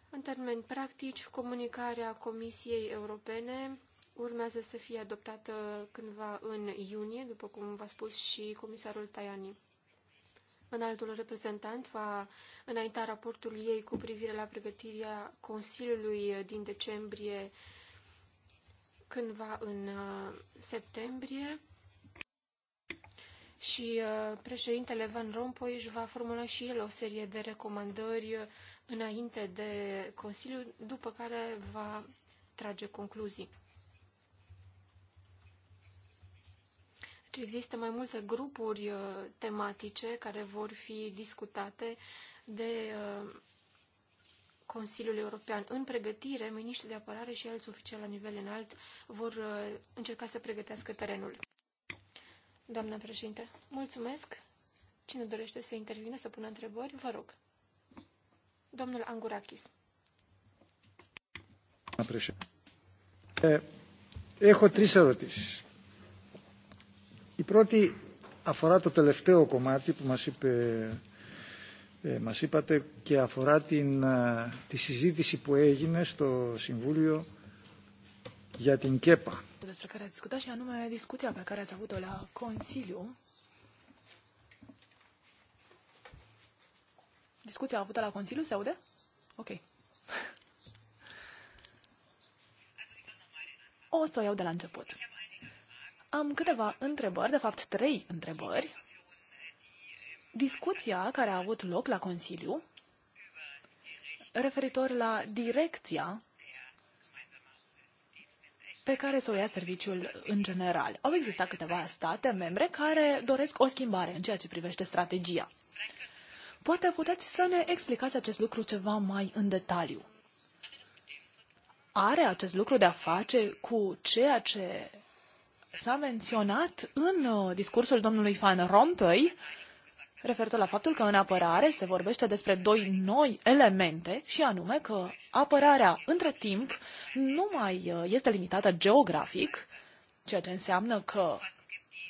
În termeni practici, comunicarea Comisiei Europene urmează să fie adoptată cândva în iunie, după cum v-a spus și comisarul Tajani. Înaltul reprezentant va înainta raportul ei cu privire la pregătirea Consiliului din decembrie cândva în uh, septembrie și uh, președintele Van Rompuy își va formula și el o serie de recomandări înainte de Consiliu, după care va trage concluzii. Deci există mai multe grupuri uh, tematice care vor fi discutate de uh, Consiliul European. În pregătire, miniștrii de apărare și alți oficiali la nivel înalt vor uh, încerca să pregătească terenul. Doamna președinte, mulțumesc. Cine dorește să intervine, să pună întrebări, vă rog. Domnul Angurakis. Doamna președinte, Έχω τρεις ερωτήσεις πρώτη αφορά το τελευταίο κομμάτι που μας, είπε, ε, μας είπατε και αφορά την, τη συζήτηση που έγινε στο Συμβούλιο για την ΚΕΠΑ. Despre care ați discutat și anume discuția pe care ați avut-o la Consiliu. Discuția avută la Consiliu, se aude? Ok. O să o iau de la început. Am câteva întrebări, de fapt trei întrebări. Discuția care a avut loc la Consiliu referitor la direcția pe care să o ia serviciul în general. Au existat câteva state membre care doresc o schimbare în ceea ce privește strategia. Poate puteți să ne explicați acest lucru ceva mai în detaliu. Are acest lucru de a face cu ceea ce s-a menționat în uh, discursul domnului Van Rompuy referitor la faptul că în apărare se vorbește despre doi noi elemente și anume că apărarea între timp nu mai uh, este limitată geografic, ceea ce înseamnă că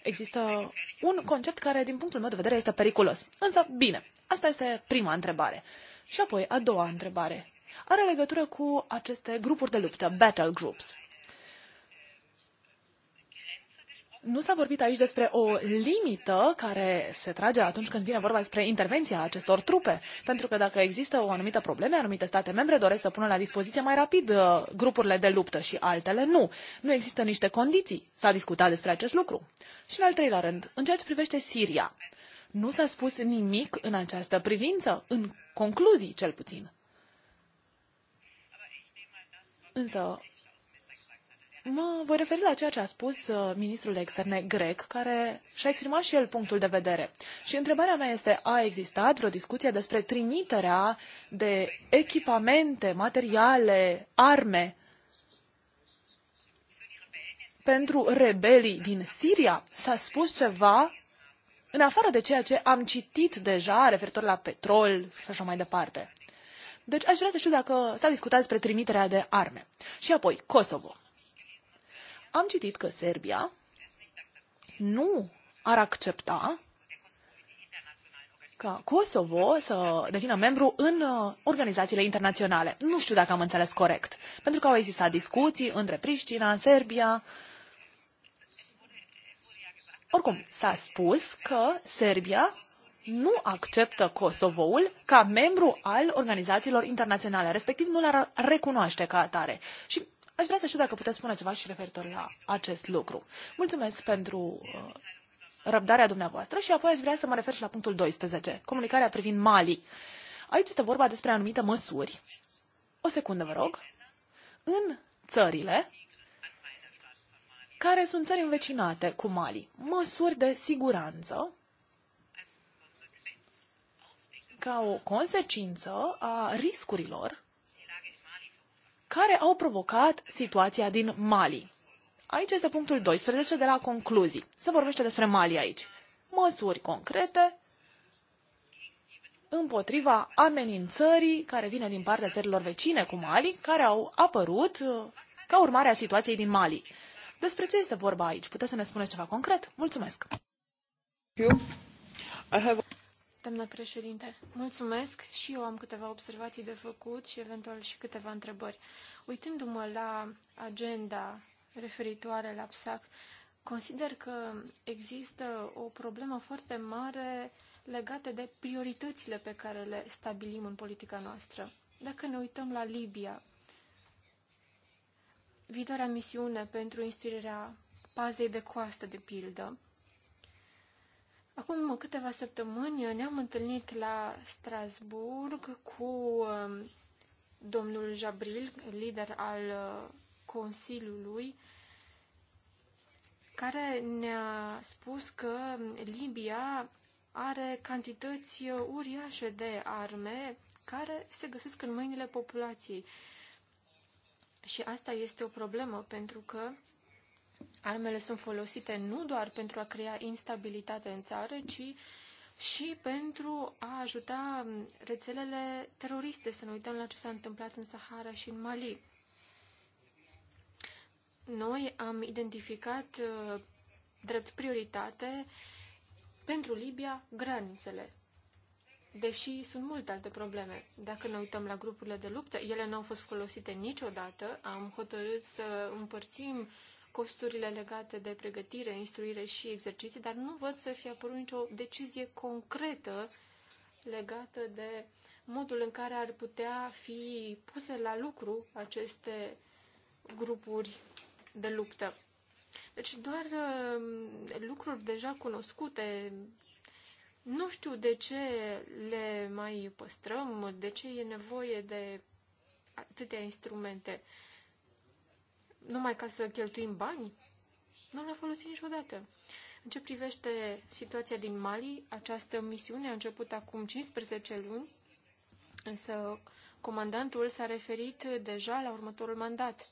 există un concept care, din punctul meu de vedere, este periculos. Însă, bine, asta este prima întrebare. Și apoi, a doua întrebare. Are legătură cu aceste grupuri de luptă, battle groups. Nu s-a vorbit aici despre o limită care se trage atunci când vine vorba despre intervenția acestor trupe, pentru că dacă există o anumită probleme, anumite state membre doresc să pună la dispoziție mai rapid uh, grupurile de luptă și altele nu. Nu există niște condiții. S-a discutat despre acest lucru. Și în al treilea rând, în ceea ce privește Siria, nu s-a spus nimic în această privință, în concluzii cel puțin. Însă, Mă voi referi la ceea ce a spus uh, ministrul de externe grec, care și-a exprimat și el punctul de vedere. Și întrebarea mea este, a existat vreo discuție despre trimiterea de echipamente, materiale, arme pentru rebelii din Siria? S-a spus ceva în afară de ceea ce am citit deja referitor la petrol și așa mai departe. Deci aș vrea să știu dacă s-a discutat despre trimiterea de arme. Și apoi, Kosovo am citit că Serbia nu ar accepta ca Kosovo să devină membru în uh, organizațiile internaționale. Nu știu dacă am înțeles corect, pentru că au existat discuții între Priștina, Serbia. Oricum, s-a spus că Serbia nu acceptă Kosovoul ca membru al organizațiilor internaționale, respectiv nu l-ar recunoaște ca atare. Și Aș vrea să știu dacă puteți spune ceva și referitor la acest lucru. Mulțumesc pentru uh, răbdarea dumneavoastră și apoi aș vrea să mă refer și la punctul 12, comunicarea privind Mali. Aici este vorba despre anumite măsuri. O secundă, vă rog. În țările care sunt țări învecinate cu Mali, măsuri de siguranță ca o consecință a riscurilor care au provocat situația din Mali. Aici este punctul 12 de la concluzii. Se vorbește despre Mali aici. Măsuri concrete împotriva amenințării care vine din partea țărilor vecine cu Mali, care au apărut uh, ca urmare a situației din Mali. Despre ce este vorba aici? Puteți să ne spuneți ceva concret? Mulțumesc! Doamnă președinte, mulțumesc și eu am câteva observații de făcut și eventual și câteva întrebări. Uitându-mă la agenda referitoare la PSAC, consider că există o problemă foarte mare legată de prioritățile pe care le stabilim în politica noastră. Dacă ne uităm la Libia, viitoarea misiune pentru instituirea pazei de coastă, de pildă, Acum câteva săptămâni ne-am întâlnit la Strasburg cu um, domnul Jabril, lider al uh, Consiliului, care ne-a spus că Libia are cantități uriașe de arme care se găsesc în mâinile populației. Și asta este o problemă, pentru că Armele sunt folosite nu doar pentru a crea instabilitate în țară, ci și pentru a ajuta rețelele teroriste. Să ne uităm la ce s-a întâmplat în Sahara și în Mali. Noi am identificat uh, drept prioritate pentru Libia granițele. Deși sunt multe alte probleme. Dacă ne uităm la grupurile de luptă, ele nu au fost folosite niciodată. Am hotărât să împărțim uh, costurile legate de pregătire, instruire și exerciții, dar nu văd să fie apărut nicio decizie concretă legată de modul în care ar putea fi puse la lucru aceste grupuri de luptă. Deci doar uh, lucruri deja cunoscute, nu știu de ce le mai păstrăm, de ce e nevoie de atâtea instrumente numai ca să cheltuim bani? Nu le-a folosit niciodată. În ce privește situația din Mali, această misiune a început acum 15 luni, însă comandantul s-a referit deja la următorul mandat.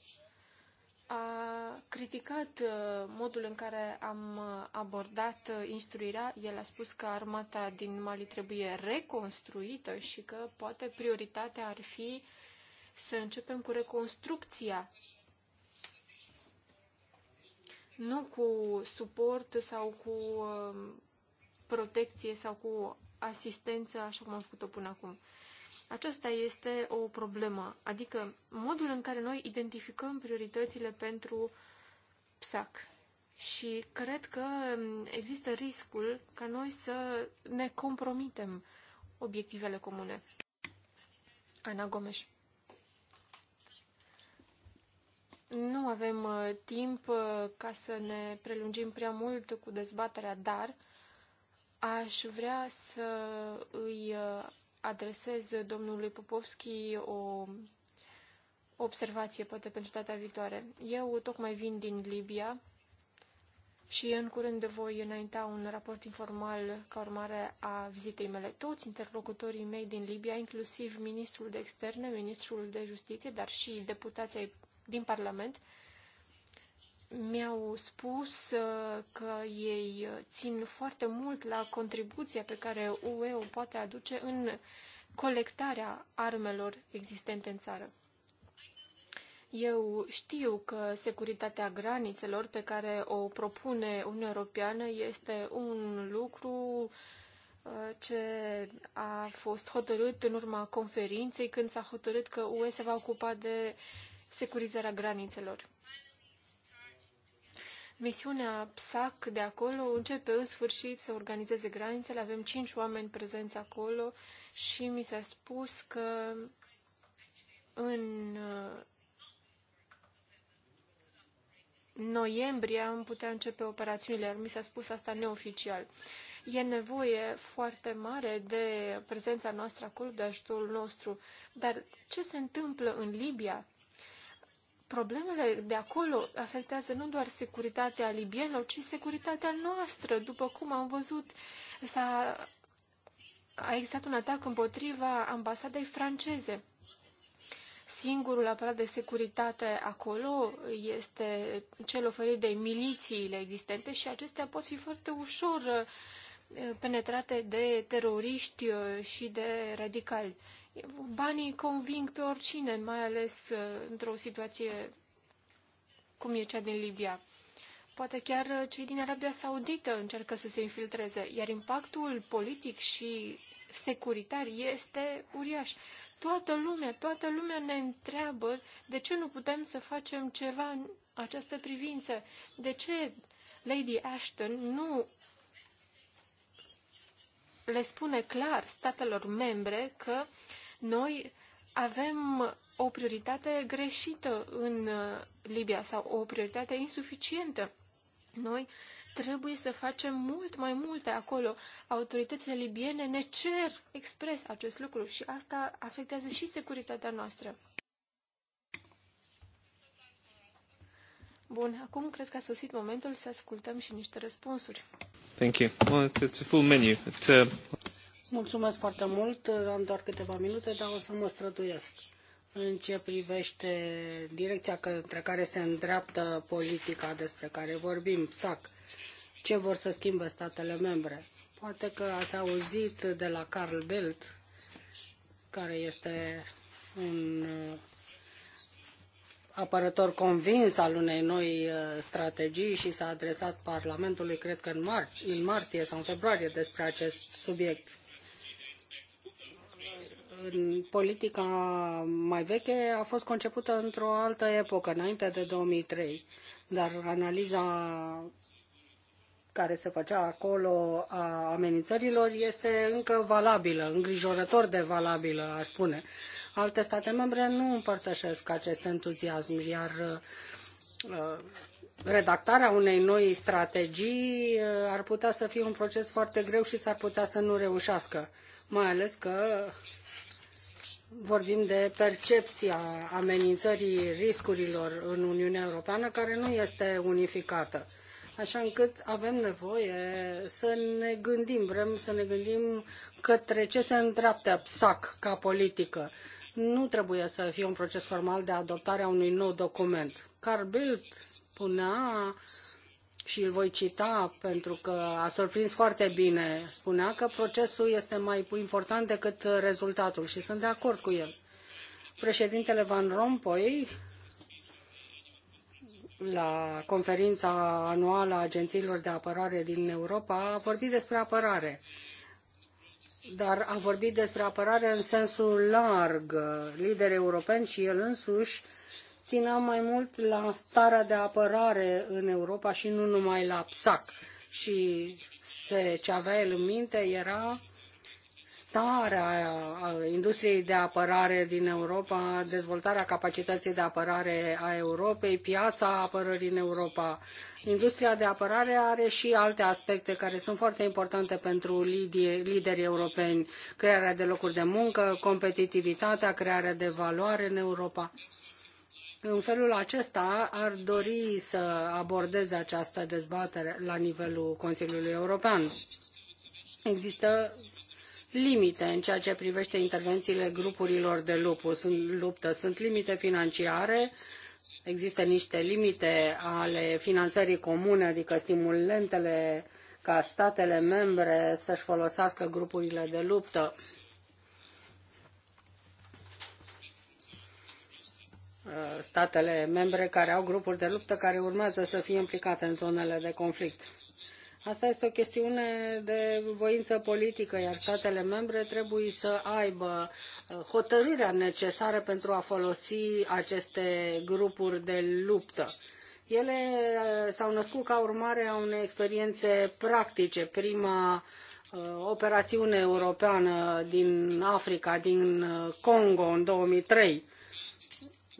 A criticat uh, modul în care am uh, abordat uh, instruirea. El a spus că armata din Mali trebuie reconstruită și că poate prioritatea ar fi să începem cu reconstrucția nu cu suport sau cu um, protecție sau cu asistență, așa cum am făcut-o până acum. Aceasta este o problemă, adică modul în care noi identificăm prioritățile pentru PSAC. Și cred că um, există riscul ca noi să ne compromitem obiectivele comune. Ana Gomes. Nu avem uh, timp uh, ca să ne prelungim prea mult cu dezbaterea, dar aș vrea să îi uh, adresez domnului Popovski o observație, poate pentru data viitoare. Eu tocmai vin din Libia și în curând voi înainta un raport informal ca urmare a vizitei mele. Toți interlocutorii mei din Libia, inclusiv ministrul de externe, ministrul de justiție, dar și deputații din Parlament mi-au spus uh, că ei țin foarte mult la contribuția pe care UE o poate aduce în colectarea armelor existente în țară. Eu știu că securitatea granițelor pe care o propune Uniunea Europeană este un lucru uh, ce a fost hotărât în urma conferinței când s-a hotărât că UE se va ocupa de uh, securizarea granițelor. Misiunea PSAC de acolo începe în sfârșit să organizeze granițele. Avem cinci oameni prezenți acolo și mi s-a spus că în uh, noiembrie am putea începe operațiunile, iar mi s-a spus asta neoficial. E nevoie foarte mare de prezența noastră acolo, de ajutorul nostru. Dar ce se întâmplă în Libia? Problemele de acolo afectează nu doar securitatea libienilor, ci securitatea noastră. După cum am văzut, s-a, a existat un atac împotriva ambasadei franceze. Singurul aparat de securitate acolo este cel oferit de milițiile existente și acestea pot fi foarte ușor eh, penetrate de teroriști eh, și de radicali. Banii conving pe oricine, mai ales uh, într-o situație cum e cea din Libia. Poate chiar uh, cei din Arabia Saudită încearcă să se infiltreze, iar impactul politic și securitar este uriaș. Toată lumea, toată lumea ne întreabă de ce nu putem să facem ceva în această privință. De ce Lady Ashton nu le spune clar statelor membre că uh, noi avem o prioritate greșită în uh, Libia sau o prioritate insuficientă. Noi trebuie să facem mult mai multe acolo. Autoritățile libiene ne cer expres acest lucru și asta afectează și securitatea noastră. Bun, acum cred că a sosit momentul să ascultăm și niște răspunsuri. Thank you. Well, it's a full menu. It, uh... Mulțumesc foarte mult. Am doar câteva minute, dar o să mă străduiesc. În ce privește direcția către care se îndreaptă politica despre care vorbim, SAC, ce vor să schimbe statele membre? Poate că ați auzit de la Carl Belt, care este un uh, apărător convins al unei noi uh, strategii și s-a adresat Parlamentului, cred că în, mar- în martie sau în februarie, despre acest subiect politica mai veche a fost concepută într-o altă epocă, înainte de 2003, dar analiza care se făcea acolo a amenințărilor este încă valabilă, îngrijorător de valabilă, aș spune. Alte state membre nu împărtășesc acest entuziasm, iar uh, redactarea unei noi strategii uh, ar putea să fie un proces foarte greu și s-ar putea să nu reușească, mai ales că vorbim de percepția amenințării riscurilor în Uniunea Europeană, care nu este unificată. Așa încât avem nevoie să ne gândim, vrem să ne gândim către ce se îndreaptă PSAC ca politică. Nu trebuie să fie un proces formal de adoptare a unui nou document. Carl Bildt spunea și îl voi cita pentru că a surprins foarte bine. Spunea că procesul este mai important decât rezultatul și sunt de acord cu el. Președintele Van Rompuy la conferința anuală a agențiilor de apărare din Europa a vorbit despre apărare, dar a vorbit despre apărare în sensul larg. Liderii europeni și el însuși țineau mai mult la starea de apărare în Europa și nu numai la PSAC. Și se, ce avea el în minte era starea industriei de apărare din Europa, dezvoltarea capacității de apărare a Europei, piața apărării în Europa. Industria de apărare are și alte aspecte care sunt foarte importante pentru liderii europeni, crearea de locuri de muncă, competitivitatea, crearea de valoare în Europa. În felul acesta ar dori să abordeze această dezbatere la nivelul Consiliului European. Există limite în ceea ce privește intervențiile grupurilor de Sunt, luptă. Sunt limite financiare, există niște limite ale finanțării comune, adică stimulentele ca statele membre să-și folosească grupurile de luptă. statele membre care au grupuri de luptă care urmează să fie implicate în zonele de conflict. Asta este o chestiune de voință politică, iar statele membre trebuie să aibă uh, hotărârea necesară pentru a folosi aceste grupuri de luptă. Ele uh, s-au născut ca urmare a unei experiențe practice. Prima uh, operațiune europeană din Africa, din Congo, în 2003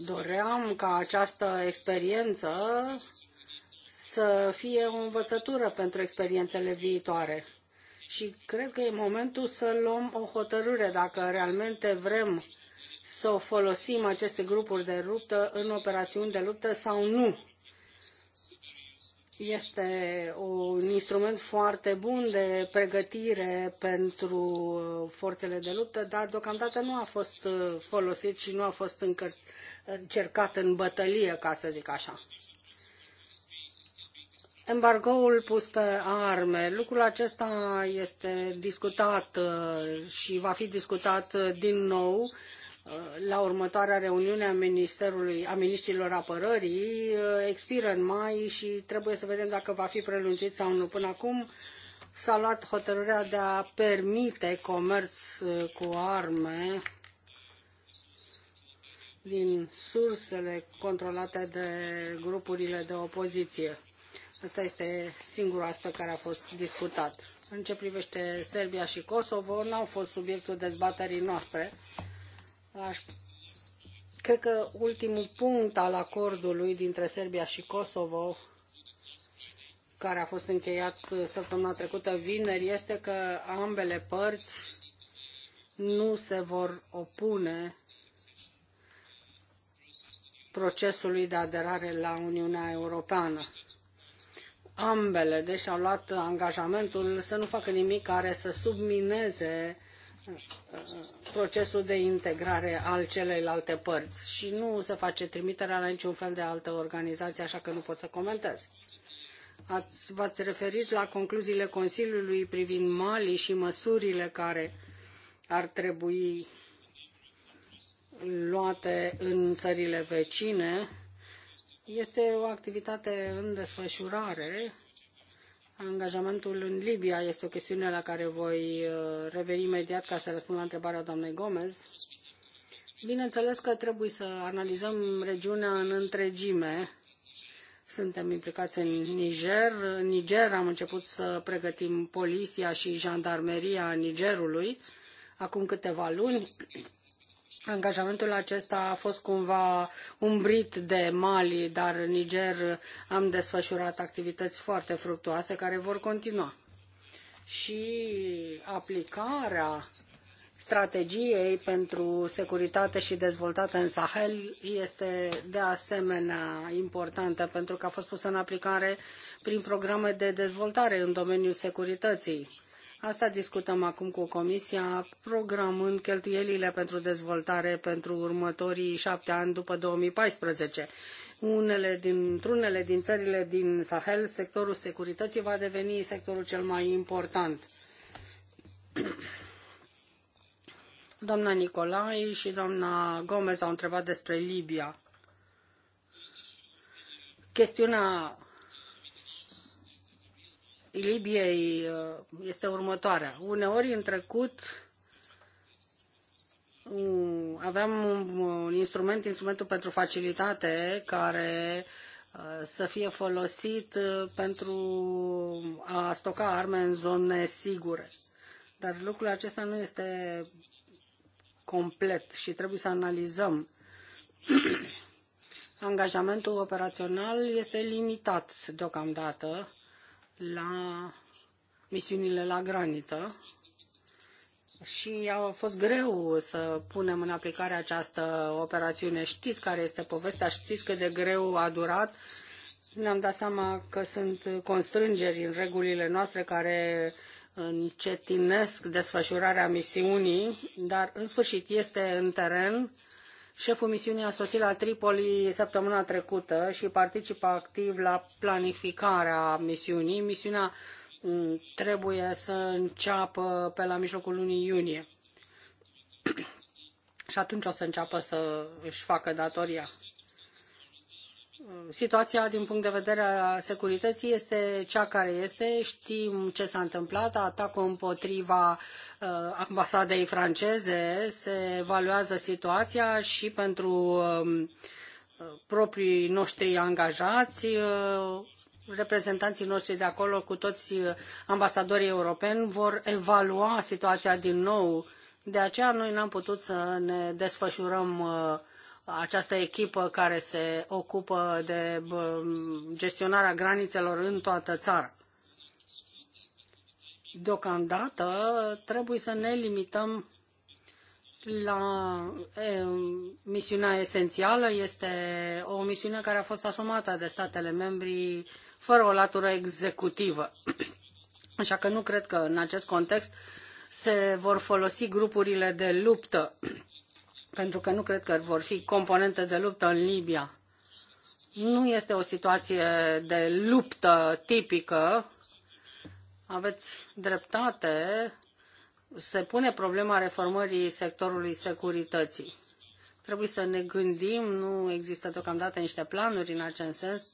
Doream ca această experiență să fie o învățătură pentru experiențele viitoare. Și cred că e momentul să luăm o hotărâre dacă realmente vrem să folosim aceste grupuri de luptă în operațiuni de luptă sau nu. Este un instrument foarte bun de pregătire pentru forțele de luptă, dar deocamdată nu a fost folosit și nu a fost încă încercat în bătălie, ca să zic așa. Embargoul pus pe arme, lucrul acesta este discutat uh, și va fi discutat uh, din nou uh, la următoarea reuniune a, Ministerului, a Ministrilor Apărării. Expiră în mai și trebuie să vedem dacă va fi prelungit sau nu. Până acum s-a luat hotărârea de a permite comerț cu arme din sursele controlate de grupurile de opoziție. Asta este singurul aspect care a fost discutat. În ce privește Serbia și Kosovo, nu au fost subiectul dezbaterii noastre. Aș... Cred că ultimul punct al acordului dintre Serbia și Kosovo, care a fost încheiat săptămâna trecută, vineri, este că ambele părți nu se vor opune procesului de aderare la Uniunea Europeană. Ambele, deci, au luat angajamentul să nu facă nimic care să submineze uh, procesul de integrare al celeilalte părți și nu se face trimiterea la niciun fel de altă organizație, așa că nu pot să comentez. Ați, v-ați referit la concluziile Consiliului privind Mali și măsurile care ar trebui luate în țările vecine. Este o activitate în desfășurare. Angajamentul în Libia este o chestiune la care voi uh, reveni imediat ca să răspund la întrebarea doamnei Gomez. Bineînțeles că trebuie să analizăm regiunea în întregime. Suntem implicați în Niger. În Niger am început să pregătim poliția și jandarmeria Nigerului acum câteva luni Angajamentul acesta a fost cumva umbrit de Mali, dar în Niger am desfășurat activități foarte fructuoase care vor continua. Și aplicarea strategiei pentru securitate și dezvoltare în Sahel este de asemenea importantă pentru că a fost pusă în aplicare prin programe de dezvoltare în domeniul securității Asta discutăm acum cu Comisia, programând cheltuielile pentru dezvoltare pentru următorii șapte ani după 2014. Unele din, unele din țările din Sahel, sectorul securității va deveni sectorul cel mai important. Doamna Nicolai și doamna Gomez au întrebat despre Libia. Chestiunea Libiei uh, este următoarea. Uneori în trecut uh, aveam un instrument, instrumentul pentru facilitate, care uh, să fie folosit pentru a stoca arme în zone sigure. Dar lucrul acesta nu este complet și trebuie să analizăm. Angajamentul operațional este limitat deocamdată la misiunile la graniță și a fost greu să punem în aplicare această operațiune. Știți care este povestea, știți cât de greu a durat. Ne-am dat seama că sunt constrângeri în regulile noastre care încetinesc desfășurarea misiunii, dar în sfârșit este în teren Șeful misiunii a sosit la Tripoli săptămâna trecută și participă activ la planificarea misiunii. Misiunea mm, trebuie să înceapă pe la mijlocul lunii iunie. și atunci o să înceapă să își facă datoria situația din punct de vedere a securității este cea care este. Știm ce s-a întâmplat, atacul împotriva uh, ambasadei franceze, se evaluează situația și pentru uh, proprii noștri angajați, uh, reprezentanții noștri de acolo cu toți ambasadorii europeni vor evalua situația din nou. De aceea noi n-am putut să ne desfășurăm uh, această echipă care se ocupă de gestionarea granițelor în toată țara. Deocamdată trebuie să ne limităm la e, misiunea esențială. Este o misiune care a fost asumată de statele membri fără o latură executivă. Așa că nu cred că în acest context se vor folosi grupurile de luptă pentru că nu cred că vor fi componente de luptă în Libia. Nu este o situație de luptă tipică. Aveți dreptate. Se pune problema reformării sectorului securității. Trebuie să ne gândim, nu există deocamdată niște planuri în acest sens.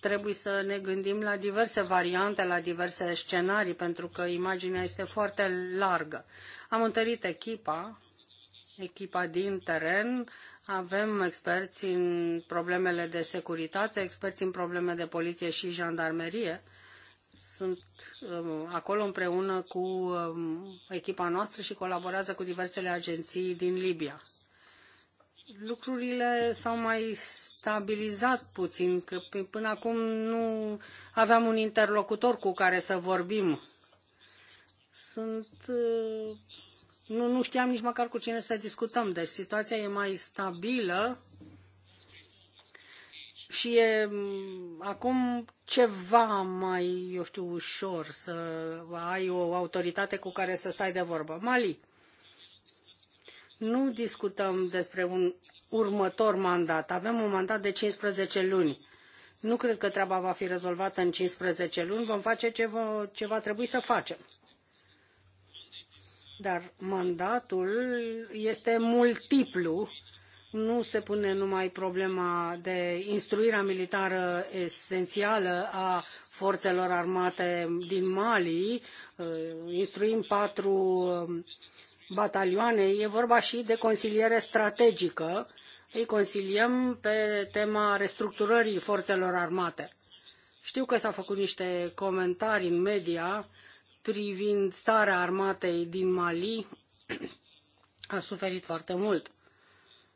Trebuie să ne gândim la diverse variante, la diverse scenarii, pentru că imaginea este foarte largă. Am întărit echipa, echipa din teren, avem experți în problemele de securitate, experți în probleme de poliție și jandarmerie. Sunt um, acolo împreună cu um, echipa noastră și colaborează cu diversele agenții din Libia. Lucrurile s-au mai stabilizat puțin, că până acum nu aveam un interlocutor cu care să vorbim sunt uh, nu, nu știam nici măcar cu cine să discutăm, deci situația e mai stabilă și e mm, acum ceva mai, eu știu, ușor să ai o autoritate cu care să stai de vorbă. Mali, nu discutăm despre un următor mandat. Avem un mandat de 15 luni. Nu cred că treaba va fi rezolvată în 15 luni. Vom face ce va, ce va trebui să facem. Dar mandatul este multiplu. Nu se pune numai problema de instruirea militară esențială a forțelor armate din Mali, uh, instruim patru um, batalioane, e vorba și de consiliere strategică, îi consiliem pe tema restructurării forțelor armate. Știu că s-au făcut niște comentarii în media privind starea armatei din Mali a suferit foarte mult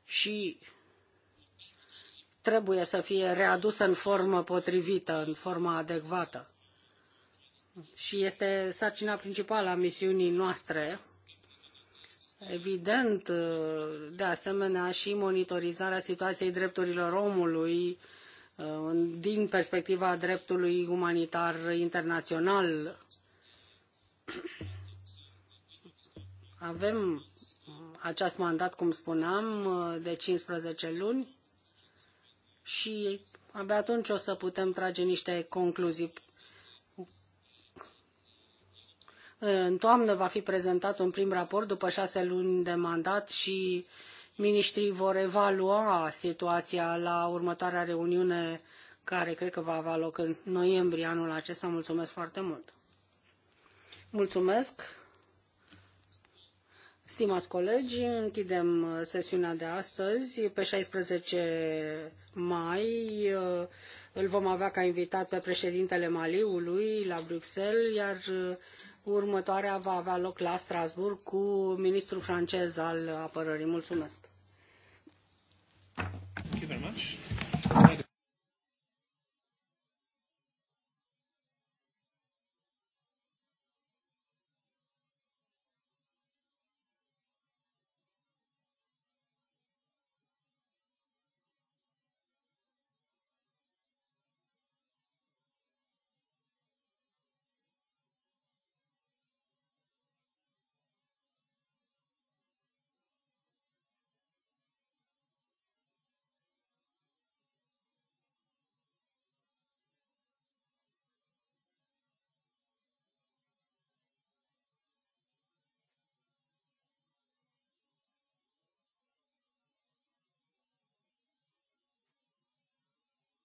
și trebuie să fie readusă în formă potrivită, în forma adecvată. Și este sarcina principală a misiunii noastre. Evident, de asemenea, și monitorizarea situației drepturilor omului din perspectiva dreptului umanitar internațional avem uh, acest mandat, cum spuneam, uh, de 15 luni și abia atunci o să putem trage niște concluzii. În toamnă va fi prezentat un prim raport după șase luni de mandat și miniștrii vor evalua situația la următoarea reuniune care cred că va avea loc în noiembrie anul acesta. Mulțumesc foarte mult! Mulțumesc. Stimați colegi, închidem uh, sesiunea de astăzi. Pe 16 mai uh, îl vom avea ca invitat pe președintele Maliului la Bruxelles, iar uh, următoarea va avea loc la Strasbourg cu ministrul francez al apărării. Mulțumesc! Thank you very much.